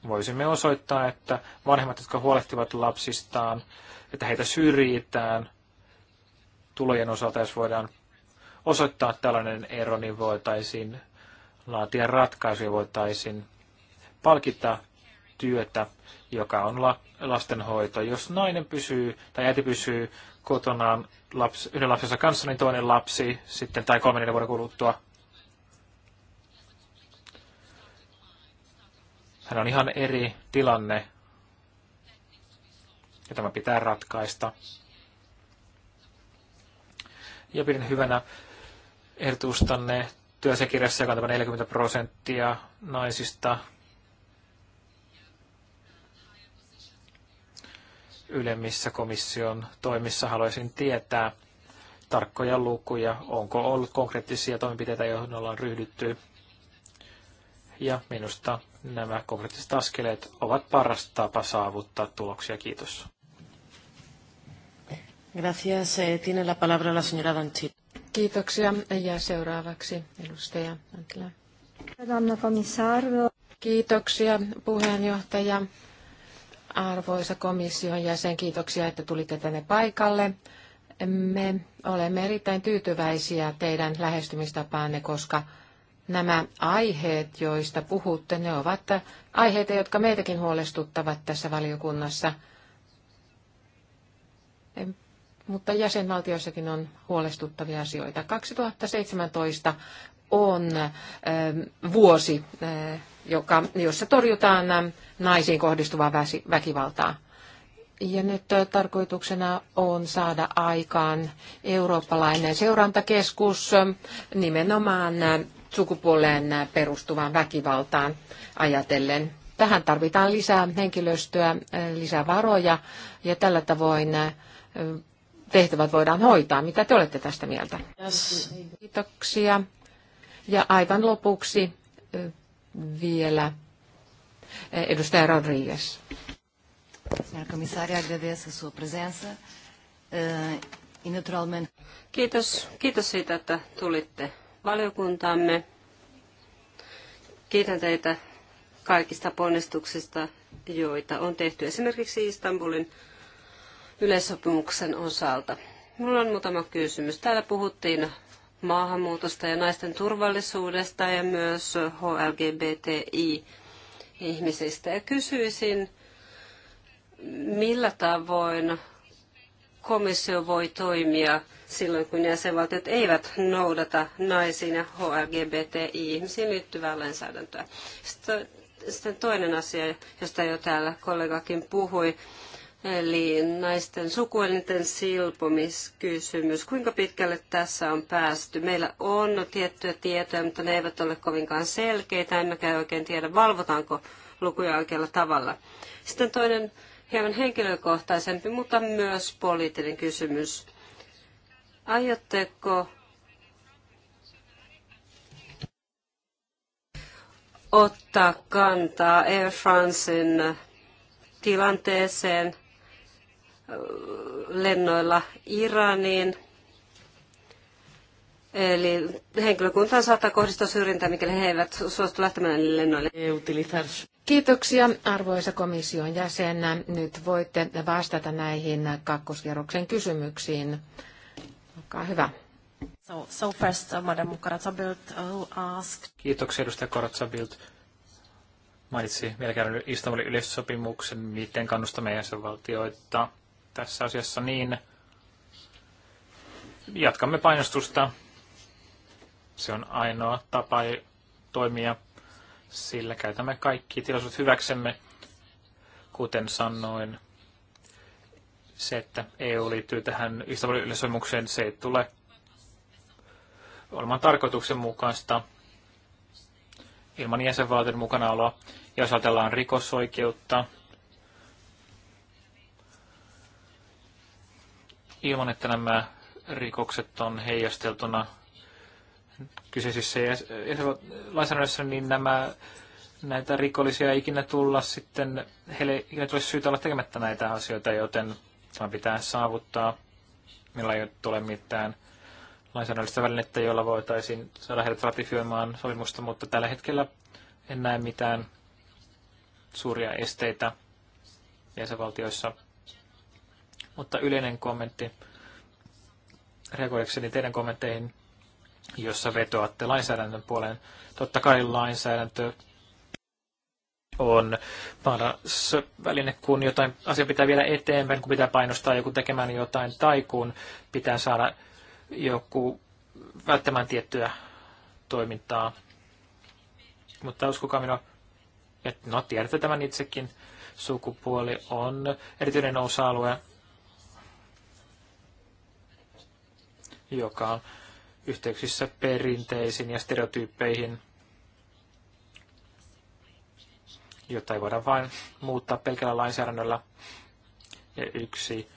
S2: voisimme osoittaa, että vanhemmat, jotka huolehtivat lapsistaan, että heitä syrjitään tulojen osalta, jos voidaan osoittaa tällainen ero, niin voitaisiin laatia ratkaisuja, voitaisiin palkita työtä, joka on la- lastenhoito. Jos nainen pysyy tai äiti pysyy kotonaan lapsi, yhden lapsensa kanssa, niin toinen lapsi sitten tai kolmen vuoden kuluttua Hän on ihan eri tilanne, ja tämä pitää ratkaista. Ja pidän hyvänä ehdotustanne työsekirjassa, joka on tämä 40 prosenttia naisista ylemmissä komission toimissa haluaisin tietää tarkkoja lukuja, onko ollut konkreettisia toimenpiteitä, joihin ollaan ryhdytty. Ja minusta nämä konkreettiset askeleet ovat paras tapa saavuttaa tuloksia. Kiitos.
S1: Gracias. Eh, tiene la palabra la señora Danchi. Kiitoksia. Ja seuraavaksi edustaja Antila. Doamna komissaario. Kiitoksia puheenjohtaja. Arvoisa komission jäsen, kiitoksia, että tulitte tänne paikalle. Me olemme erittäin tyytyväisiä teidän lähestymistapaanne, koska nämä aiheet, joista puhutte, ne ovat aiheita, jotka meitäkin huolestuttavat tässä valiokunnassa. Mutta jäsenvaltioissakin on huolestuttavia asioita. 2017 on ähm, vuosi, äh, joka, jossa torjutaan ähm, naisiin kohdistuvaa väkivaltaa. Ja nyt äh, tarkoituksena on saada aikaan eurooppalainen seurantakeskus ähm, nimenomaan äh, sukupuoleen perustuvaan väkivaltaan ajatellen. Tähän tarvitaan lisää henkilöstöä, lisää varoja ja tällä tavoin tehtävät voidaan hoitaa. Mitä te olette tästä mieltä? Yes. Kiitoksia. Ja aivan lopuksi vielä edustaja Rodriguez.
S3: Eh, e kiitos, kiitos siitä, että tulitte valiokuntamme. Kiitän teitä kaikista ponnistuksista, joita on tehty esimerkiksi Istanbulin yleissopimuksen osalta. Minulla on muutama kysymys. Täällä puhuttiin maahanmuutosta ja naisten turvallisuudesta ja myös HLGBTI-ihmisistä. Ja kysyisin, millä tavoin komissio voi toimia silloin, kun jäsenvaltiot eivät noudata naisiin ja HLGBTI-ihmisiin liittyvää lainsäädäntöä. Sitten toinen asia, josta jo täällä kollegakin puhui, eli naisten sukuelinten silpomiskysymys. Kuinka pitkälle tässä on päästy? Meillä on tiettyjä tietoja, mutta ne eivät ole kovinkaan selkeitä, emmekä oikein tiedä, valvotaanko lukuja oikealla tavalla. Sitten toinen hieman henkilökohtaisempi, mutta myös poliittinen kysymys. Aiotteko ottaa kantaa Air Francein tilanteeseen lennoilla Iraniin? Eli henkilökuntaan saattaa kohdistua syrjintää, mikäli he eivät suostu lähtemään lennoille.
S1: Kiitoksia arvoisa komission jäsen. Nyt voitte vastata näihin kakkoskierroksen kysymyksiin. Olkaa hyvä. So, so first, uh, Madam Karatsabilt uh, asked...
S2: Kiitoksia edustaja Karatsabilt. Mainitsi vielä kerran Istanbulin yleissopimuksen, miten kannustamme jäsenvaltioita tässä asiassa niin. Jatkamme painostusta se on ainoa tapa toimia, sillä käytämme kaikki tilaisuudet hyväksemme, kuten sanoin. Se, että EU liittyy tähän Istanbulin yleisopimukseen, se ei tule olemaan tarkoituksenmukaista ilman jäsenvaltion mukanaoloa. Ja jos ajatellaan rikosoikeutta, ilman että nämä rikokset on heijasteltuna kyseisissä lainsäädännössä, niin nämä, näitä rikollisia ei ikinä tulla sitten, heille ikinä tulisi syytä olla tekemättä näitä asioita, joten tämä pitää saavuttaa. Meillä ei ole mitään lainsäädännöllistä välinettä, jolla voitaisiin saada heidät ratifioimaan sopimusta, mutta tällä hetkellä en näe mitään suuria esteitä jäsenvaltioissa. Mutta yleinen kommentti reagoidakseni teidän kommentteihin jossa vetoatte lainsäädännön puoleen. Totta kai lainsäädäntö on paras väline, kun jotain asia pitää vielä eteenpäin, kun pitää painostaa joku tekemään jotain, tai kun pitää saada joku välttämään tiettyä toimintaa. Mutta uskokaa minua, että no tiedätte tämän itsekin, sukupuoli on erityinen osa-alue, joka on yhteyksissä perinteisiin ja stereotyyppeihin, jota ei voida vain muuttaa pelkällä lainsäädännöllä. Ja yksi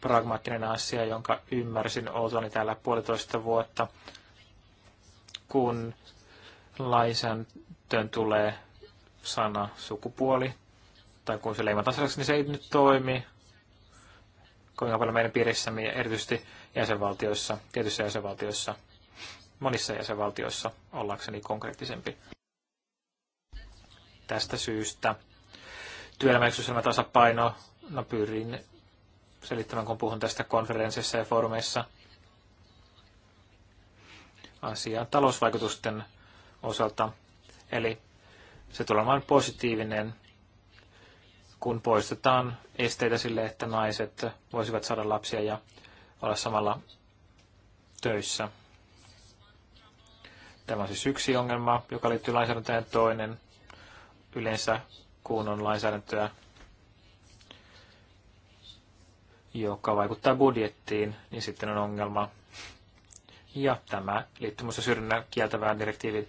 S2: pragmaattinen asia, jonka ymmärsin oltuani täällä puolitoista vuotta, kun lainsäädäntöön tulee sana sukupuoli, tai kun se leimataan sellaiseksi, niin se ei nyt toimi kuinka paljon meidän piirissämme ja erityisesti jäsenvaltioissa, tietyissä jäsenvaltioissa – monissa jäsenvaltioissa ollakseni konkreettisempi. Tästä syystä työelämäyksyselmä tasapaino, no pyrin selittämään, kun puhun tästä konferenssissa ja foorumeissa Asia talousvaikutusten osalta. Eli se tulee olemaan positiivinen, kun poistetaan esteitä sille, että naiset voisivat saada lapsia ja olla samalla töissä. Tämä on siis yksi ongelma, joka liittyy lainsäädäntöön toinen yleensä kun on lainsäädäntöä, joka vaikuttaa budjettiin, niin sitten on ongelma. Ja tämä liittyy myös syrjinnän kieltävään direktiiviin.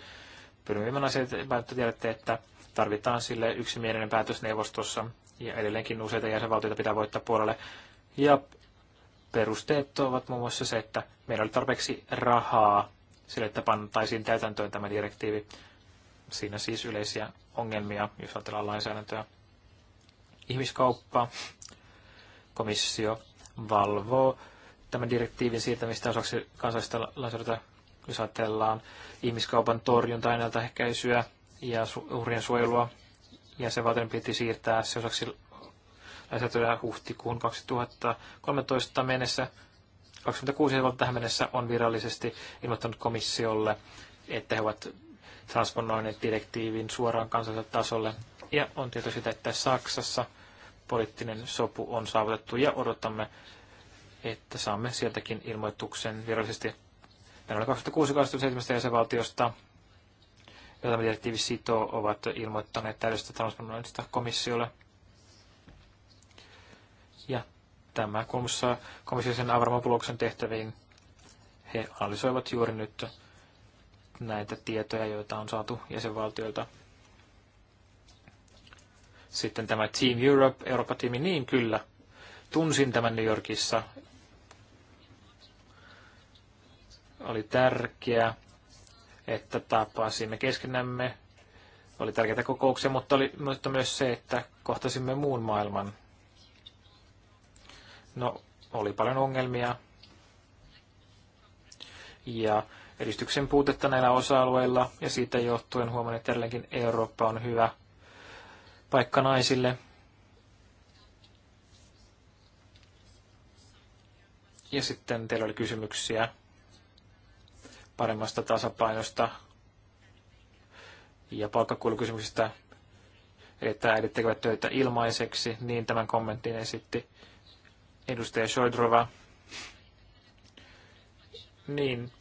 S2: Pyrimme viemään että tiedätte, että tarvitaan sille yksimielinen päätös neuvostossa ja edelleenkin useita jäsenvaltioita pitää voittaa puolelle. Ja perusteet ovat muun muassa se, että meillä oli tarpeeksi rahaa sille, että pantaisiin täytäntöön tämä direktiivi. Siinä siis yleisiä ongelmia, jos ajatellaan lainsäädäntöä. Ihmiskauppa, komissio valvoo tämän direktiivin siirtämistä osaksi kansallista lainsäädäntöä, jos ajatellaan ihmiskaupan torjunta ennaltaehkäisyä ja uhrien suojelua. ja se Jäsenvaltion piti siirtää se osaksi lainsäädäntöä huhtikuun 2013 mennessä 26 valtiota tähän mennessä on virallisesti ilmoittanut komissiolle, että he ovat transponoineet direktiivin suoraan kansalliselle tasolle. Ja on tietysti sitä, että Saksassa poliittinen sopu on saavutettu ja odotamme, että saamme sieltäkin ilmoituksen virallisesti. Meillä on 26 27 jäsenvaltiosta, joita direktiivi sitoo, ovat ilmoittaneet täydestä transponoinnista komissiolle. Ja tämä kulmassa komissiosen Avramopuloksen tehtäviin. He analysoivat juuri nyt näitä tietoja, joita on saatu jäsenvaltioilta. Sitten tämä Team Europe, Eurooppa-tiimi, niin kyllä. Tunsin tämän New Yorkissa. Oli tärkeää, että tapasimme keskenämme. Oli tärkeitä kokouksia, mutta, oli, mutta myös se, että kohtasimme muun maailman No, oli paljon ongelmia ja edistyksen puutetta näillä osa-alueilla ja siitä johtuen huomannut, että edelleenkin Eurooppa on hyvä paikka naisille. Ja sitten teillä oli kysymyksiä paremmasta tasapainosta ja palkkakuulukysymyksistä, että äidit tekevät töitä ilmaiseksi, niin tämän kommentin esitti Edustaja Shoidrova. Niin.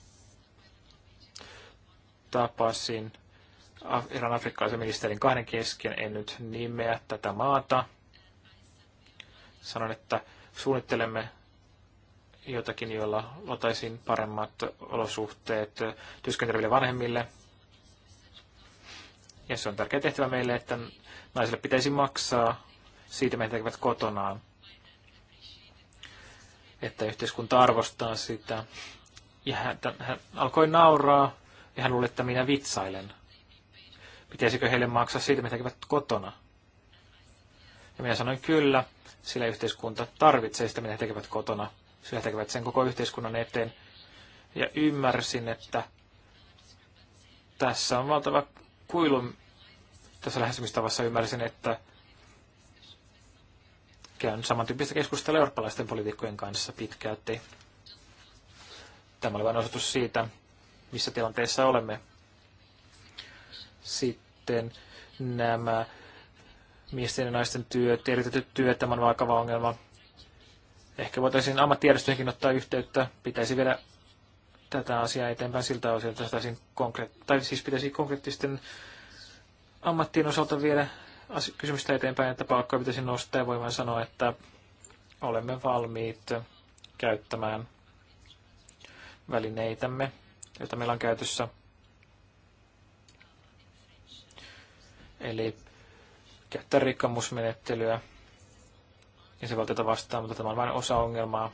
S2: Tapasin Iran afrikkalaisen ministerin kahden kesken, en nyt nimeä tätä maata. Sanon, että suunnittelemme jotakin, jolla otaisin paremmat olosuhteet työskenteleville vanhemmille. Ja se on tärkeä tehtävä meille, että naisille pitäisi maksaa siitä, mitä tekevät kotonaan että yhteiskunta arvostaa sitä. Ja hän, hän alkoi nauraa ja hän luuli, että minä vitsailen. Pitäisikö heille maksaa siitä, mitä tekevät kotona? Ja minä sanoin kyllä, sillä yhteiskunta tarvitsee sitä, mitä he tekevät kotona. Sillä he tekevät sen koko yhteiskunnan eteen. Ja ymmärsin, että tässä on valtava kuilu tässä lähestymistavassa. Ymmärsin, että käyn samantyyppistä keskustelua eurooppalaisten poliitikkojen kanssa pitkälti. Tämä oli vain osoitus siitä, missä tilanteessa olemme. Sitten nämä miesten ja naisten työt, eritetyt työt, tämä on vakava ongelma. Ehkä voitaisiin ammattijärjestöihinkin ottaa yhteyttä. Pitäisi viedä tätä asiaa eteenpäin siltä osin, että saataisiin tai siis pitäisi konkreettisten ammattien osalta viedä kysymystä eteenpäin, että palkkoja pitäisi nostaa ja voimme sanoa, että olemme valmiit käyttämään välineitämme, joita meillä on käytössä. Eli käyttää rikkomusmenettelyä ja se valtiota vastaan, mutta tämä on vain osa ongelmaa,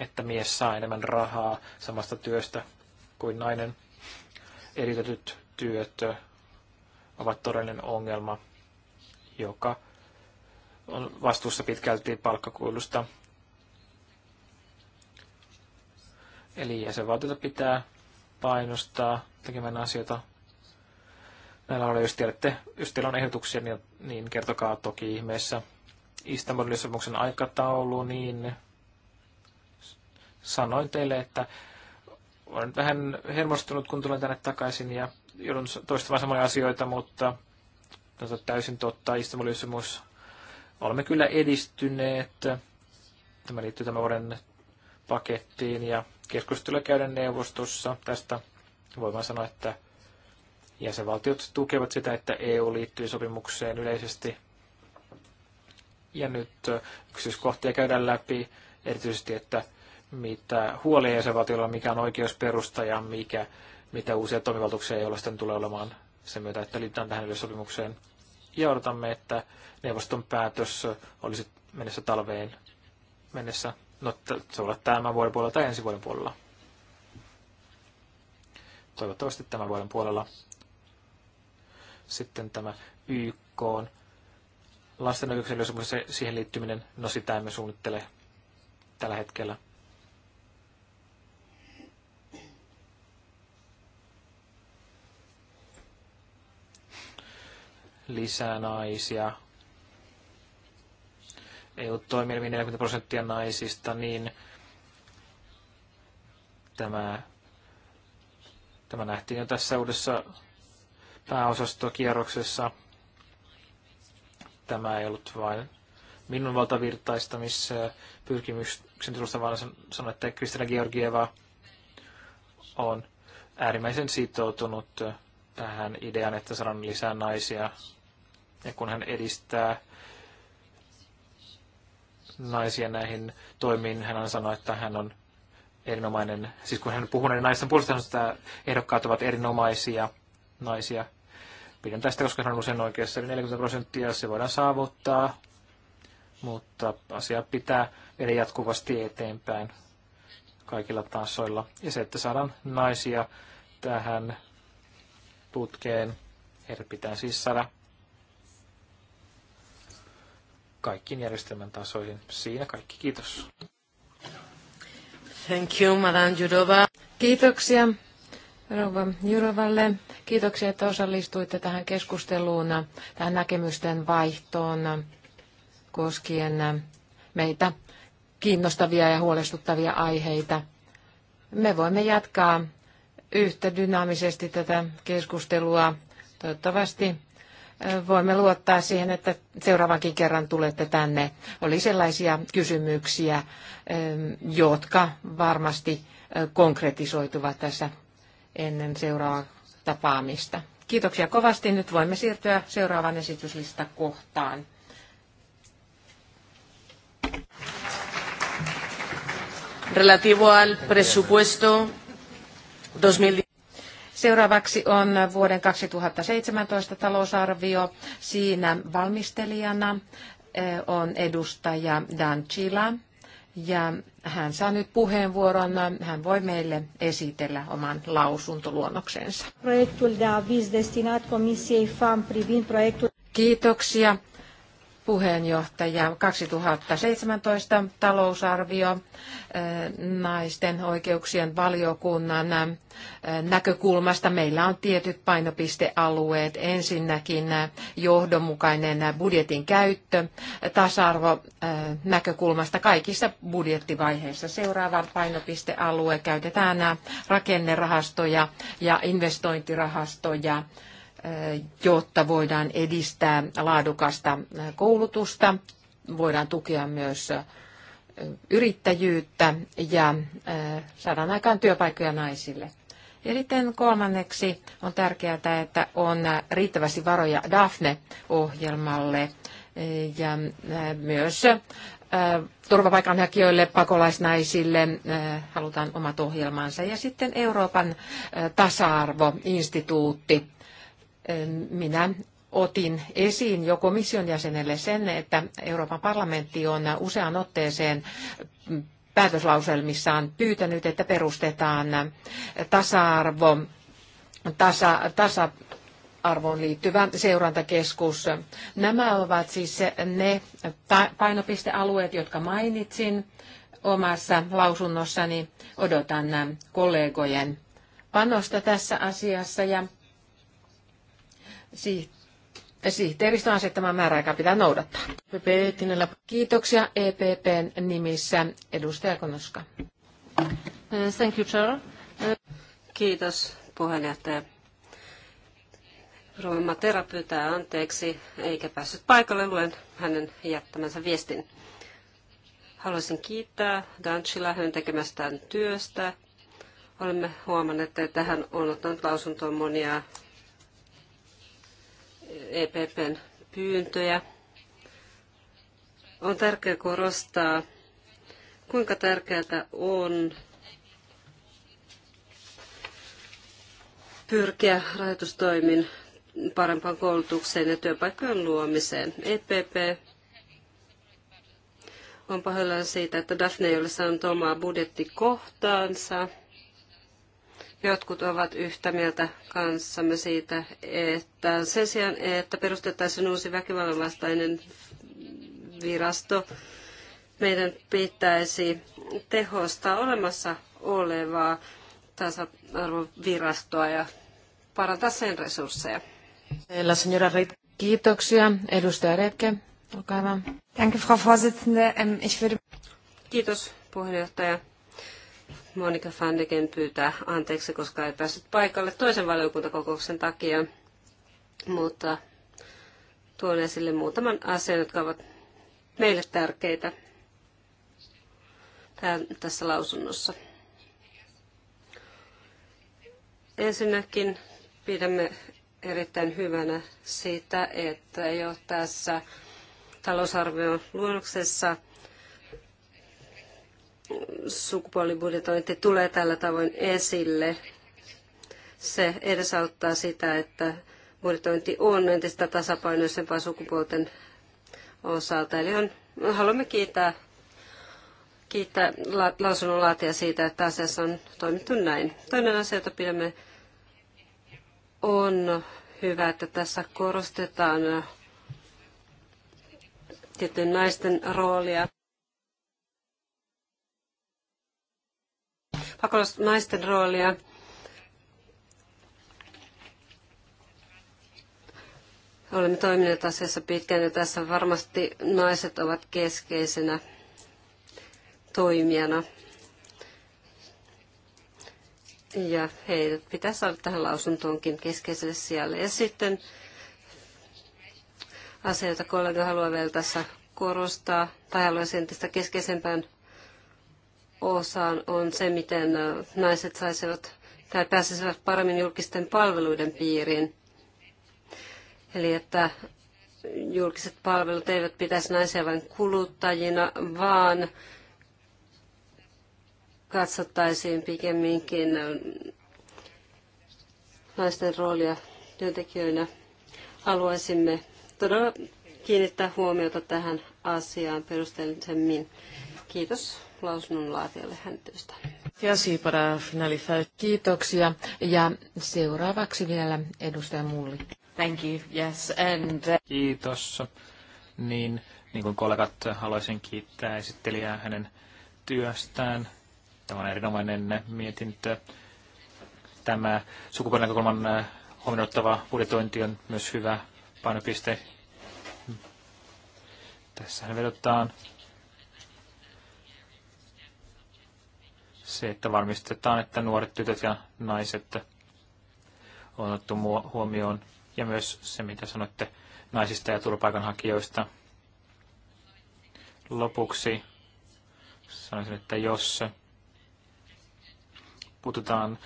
S2: että mies saa enemmän rahaa samasta työstä kuin nainen. Eritetyt työt ovat todellinen ongelma joka on vastuussa pitkälti palkkakuilusta. Eli jäsenvaltiota pitää painostaa tekemään asioita näillä alueilla. Jos, tiedätte, jos teillä on ehdotuksia, niin, niin kertokaa toki ihmeessä. Istanbulin sopimuksen aikataulu, niin sanoin teille, että olen vähän hermostunut, kun tulen tänne takaisin ja joudun toistamaan samoja asioita, mutta tota, täysin totta, Istanbulin sopimus. Olemme kyllä edistyneet. Tämä liittyy tämän vuoden pakettiin ja keskustelua käydään neuvostossa tästä. Voin sanoa, että jäsenvaltiot tukevat sitä, että EU liittyy sopimukseen yleisesti. Ja nyt yksityiskohtia käydään läpi, erityisesti, että mitä huolia jäsenvaltiolla, mikä on oikeusperusta ja mikä, mitä uusia toimivaltuuksia ei ole sitten tulee olemaan sen myötä, että liitetään tähän yleissopimukseen ja odotamme, että neuvoston päätös olisi mennessä talveen mennessä. No, se voi olla tämän vuoden puolella tai ensi vuoden puolella. Toivottavasti tämän vuoden puolella. Sitten tämä YK on lasten oikeuksien siihen liittyminen, no sitä emme suunnittele tällä hetkellä. lisää naisia. EU-toimielmiin 40 prosenttia naisista, niin tämä, tämä nähtiin jo tässä uudessa pääosastokierroksessa. Tämä ei ollut vain minun valtavirtaistamispyrkimyksen tulosta, vaan sanoin, että Kristina Georgieva on äärimmäisen sitoutunut tähän ideaan, että saadaan lisää naisia ja kun hän edistää naisia näihin toimiin, hän on sanonut, että hän on erinomainen, siis kun hän puhuu näiden naisten puolesta, hän että ehdokkaat ovat erinomaisia naisia. Pidän tästä, koska hän on usein oikeassa, eli 40 prosenttia se voidaan saavuttaa, mutta asia pitää viedä jatkuvasti eteenpäin kaikilla tasoilla. Ja se, että saadaan naisia tähän putkeen, heidät pitää siis saada kaikkiin järjestelmän tasoihin. Siinä kaikki. Kiitos.
S1: Thank you, Madame Jurova. Kiitoksia Rouva Jurovalle. Kiitoksia, että osallistuitte tähän keskusteluun, tähän näkemysten vaihtoon koskien meitä kiinnostavia ja huolestuttavia aiheita. Me voimme jatkaa yhtä dynaamisesti tätä keskustelua. Toivottavasti voimme luottaa siihen, että seuraavankin kerran tulette tänne. Oli sellaisia kysymyksiä, jotka varmasti konkretisoituvat tässä ennen seuraavaa tapaamista. Kiitoksia kovasti. Nyt voimme siirtyä seuraavaan esityslistakohtaan. Relativo al presupuesto 2010. Seuraavaksi on vuoden 2017 talousarvio. Siinä valmistelijana eh, on edustaja Dan Chila. Ja hän saa nyt puheenvuoron. Hän voi meille esitellä oman lausuntoluonnoksensa. Kiitoksia puheenjohtaja. 2017 talousarvio eh, naisten oikeuksien valiokunnan eh, näkökulmasta. Meillä on tietyt painopistealueet. Ensinnäkin eh, johdonmukainen budjetin käyttö tasa-arvo näkökulmasta kaikissa budjettivaiheissa. Seuraava painopistealue käytetään rakennerahastoja ja investointirahastoja jotta voidaan edistää laadukasta koulutusta, voidaan tukea myös yrittäjyyttä ja saadaan aikaan työpaikkoja naisille. Ja sitten kolmanneksi on tärkeää, että on riittävästi varoja DAFNE-ohjelmalle ja myös turvapaikanhakijoille, pakolaisnaisille halutaan omat ohjelmansa. Ja sitten Euroopan tasa-arvoinstituutti minä otin esiin jo komission jäsenelle sen, että Euroopan parlamentti on useaan otteeseen päätöslauselmissaan pyytänyt, että perustetaan tasa-arvo, tasa, tasa arvoon liittyvä seurantakeskus. Nämä ovat siis ne painopistealueet, jotka mainitsin omassa lausunnossani. Odotan kollegojen panosta tässä asiassa ja Sihteeristö on asettama määräaikaa pitää noudattaa. Kiitoksia EPPn nimissä. Edustaja Konoska.
S3: Uh, thank you, Chair. Uh, Kiitos puheenjohtaja. Rouva Matera pyytää anteeksi, eikä päässyt paikalle. Luen hänen jättämänsä viestin. Haluaisin kiittää Danchila hänen tekemästään työstä. Olemme huomanneet, että hän on ottanut lausuntoon monia EPPn pyyntöjä. On tärkeää korostaa, kuinka tärkeää on pyrkiä rahoitustoimin parempaan koulutukseen ja työpaikkojen luomiseen. EPP on pahoillaan siitä, että Daphne ei ole saanut omaa budjettikohtaansa. Jotkut ovat yhtä mieltä kanssamme siitä, että sen sijaan, että perustettaisiin uusi väkivallanvastainen virasto, meidän pitäisi tehostaa olemassa olevaa tasa-arvovirastoa ja parantaa sen resursseja.
S1: La señora Reit. Kiitoksia. Edustaja Repke, olkaa hyvä. Danke, Frau Vorsitzende. Ähm, ich würde...
S3: Kiitos, puheenjohtaja. Monika Fandeken pyytää anteeksi, koska ei päässyt paikalle toisen valiokuntakokouksen takia, mutta tuon esille muutaman asian, jotka ovat meille tärkeitä tässä lausunnossa. Ensinnäkin pidämme erittäin hyvänä sitä, että jo tässä talousarvion luonnoksessa – sukupuolibudjetointi tulee tällä tavoin esille. Se edesauttaa sitä, että budjetointi on entistä tasapainoisempaa sukupuolten osalta. Eli on, haluamme kiittää, kiittää la, lausunnonlaatia siitä, että asiassa on toimittu näin. Toinen asia, jota pidämme, on hyvä, että tässä korostetaan tiettyjen naisten roolia. pakolaisnaisten roolia. Olemme toimineet asiassa pitkään ja tässä varmasti naiset ovat keskeisenä toimijana. Ja heidät pitää saada tähän lausuntoonkin keskeiselle sijalle. Ja sitten asia, jota kollega haluaa vielä tässä korostaa, tai haluaisi entistä keskeisempään osaan on se, miten naiset saisivat tai pääsisivät paremmin julkisten palveluiden piiriin. Eli että julkiset palvelut eivät pitäisi naisia vain kuluttajina, vaan katsottaisiin pikemminkin naisten roolia työntekijöinä. Haluaisimme todella kiinnittää huomiota tähän asiaan perusteellisemmin. Kiitos lausunnonlaatijalle
S1: hänen työstään. Kiitoksia. Ja seuraavaksi vielä edustaja Mulli. Thank you. Yes,
S2: and... Uh, Kiitos. Niin, niin kuin kollegat, haluaisin kiittää esittelijää hänen työstään. Tämä on erinomainen mietintö. Tämä näkökulman äh, huomioittava budjetointi on myös hyvä painopiste. Tässähän vedotaan se, että varmistetaan, että nuoret tytöt ja naiset on otettu huomioon. Ja myös se, mitä sanoitte naisista ja turvapaikanhakijoista. Lopuksi sanoisin, että jos puututaan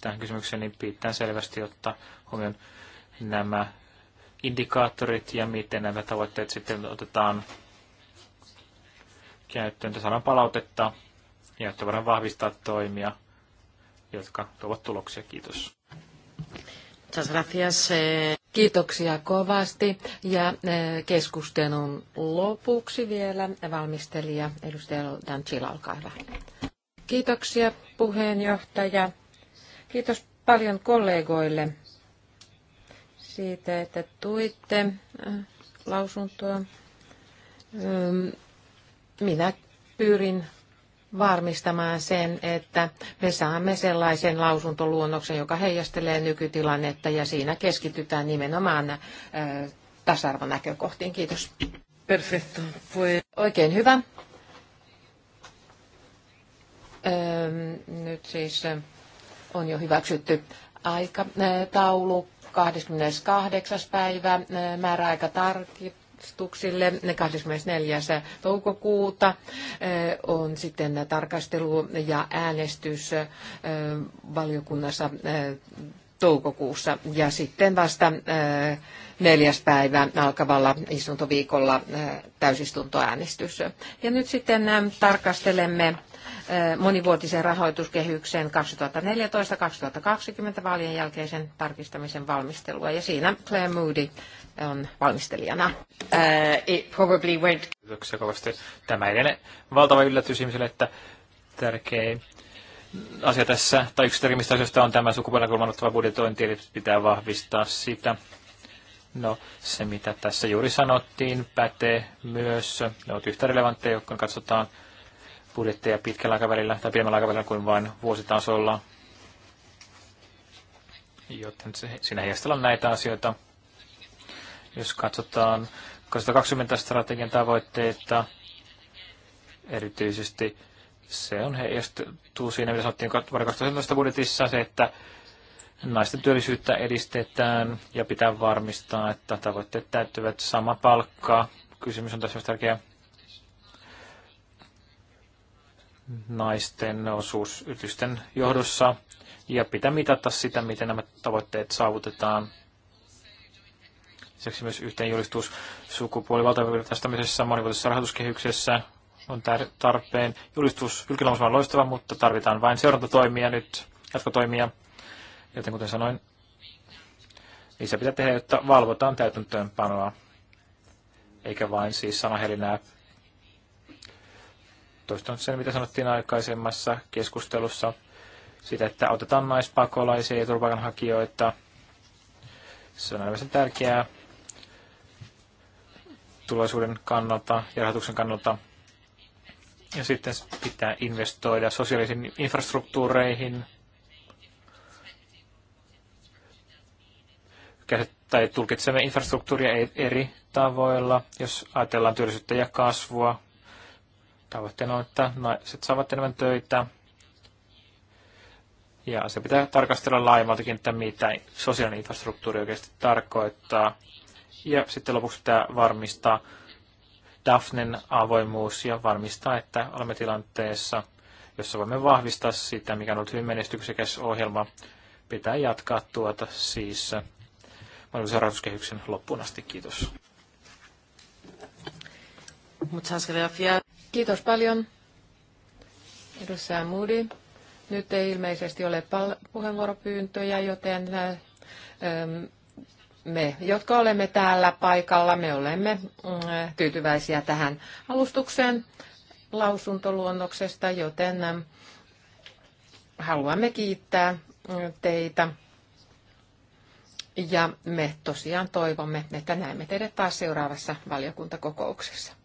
S2: tähän kysymykseen, niin pitää selvästi ottaa huomioon nämä indikaattorit ja miten nämä tavoitteet sitten otetaan käyttöön. Tässä saadaan palautetta ja että voidaan vahvistaa toimia, jotka tuovat tuloksia. Kiitos.
S1: gracias. Eh. Kiitoksia kovasti. Ja eh, keskustelun lopuksi vielä valmistelija edustaja Danchila, olkaa hyvä. Kiitoksia puheenjohtaja. Kiitos paljon kollegoille siitä, että tuitte eh, lausuntoa. Minä pyrin varmistamaan sen, että me saamme sellaisen lausuntoluonnoksen, joka heijastelee nykytilannetta ja siinä keskitytään nimenomaan äh, tasa-arvonäkökohtiin. Kiitos. Perfetto. Pues... Oikein hyvä. nyt siis äh, on jo hyväksytty aikataulu 28. päivä äh, määräaika tarkistaa tarkastuksille 24. toukokuuta eh, on sitten tarkastelu ja äänestys eh, valiokunnassa eh, toukokuussa ja sitten vasta neljäs päivä alkavalla istuntoviikolla täysistuntoäänestys. Ja nyt sitten tarkastelemme monivuotisen rahoituskehyksen 2014-2020 vaalien jälkeisen tarkistamisen valmistelua. Ja siinä Claire Moody on valmistelijana. Uh, it probably won't...
S2: Kiitoksia kovasti. Tämä ei ole. valtava yllätys ihmiselle, että tärkeä asia tässä, tai yksi tärkeimmistä asioista on tämä sukupuolen ottava budjetointi, eli pitää vahvistaa sitä. No, se mitä tässä juuri sanottiin pätee myös. Ne ovat yhtä relevantteja, kun katsotaan budjetteja pitkällä aikavälillä tai pidemmällä aikavälillä kuin vain vuositasolla. Joten siinä heijastellaan näitä asioita. Jos katsotaan 2020 strategian tavoitteita, erityisesti se on heijastuu siinä, mitä sanottiin vuoden 2017 budjetissa, se, että naisten työllisyyttä edistetään ja pitää varmistaa, että tavoitteet täyttyvät sama palkkaa. Kysymys on tässä myös tärkeä naisten osuus yritysten johdossa ja pitää mitata sitä, miten nämä tavoitteet saavutetaan. Lisäksi myös yhteenjulistus sukupuolivaltavirtaistamisessa monivuotisessa rahoituskehyksessä on tarpeen. Julistus julkilaumus on loistava, mutta tarvitaan vain seurantatoimia nyt, jatkotoimia. Joten kuten sanoin, niissä pitää tehdä, että valvotaan täytäntöönpanoa, eikä vain siis sanahelinää. Toistan sen, mitä sanottiin aikaisemmassa keskustelussa, sitä, että autetaan naispakolaisia ja turvapaikanhakijoita. Se on aivan tärkeää tulevaisuuden kannalta ja rahoituksen kannalta. Ja sitten pitää investoida sosiaalisiin infrastruktuureihin, tai tulkitsemme infrastruktuuria eri tavoilla. Jos ajatellaan työllisyyttä ja kasvua, tavoitteena on, että naiset saavat enemmän töitä. Ja se pitää tarkastella laajemmaltakin, että mitä sosiaalinen infrastruktuuri oikeasti tarkoittaa. Ja sitten lopuksi pitää varmistaa Daphnen avoimuus ja varmistaa, että olemme tilanteessa, jossa voimme vahvistaa sitä, mikä on ollut hyvin menestyksekäs ohjelma. Pitää jatkaa tuota siis mahdollisen rahoituskehyksen loppuun asti. Kiitos.
S1: Kiitos paljon. Edustaja Moody. Nyt ei ilmeisesti ole puheenvuoropyyntöjä, joten ähm, me, jotka olemme täällä paikalla, me olemme mm, tyytyväisiä tähän alustukseen lausuntoluonnoksesta, joten mm, haluamme kiittää mm, teitä. Ja me tosiaan toivomme, että näemme teidät taas seuraavassa valiokuntakokouksessa.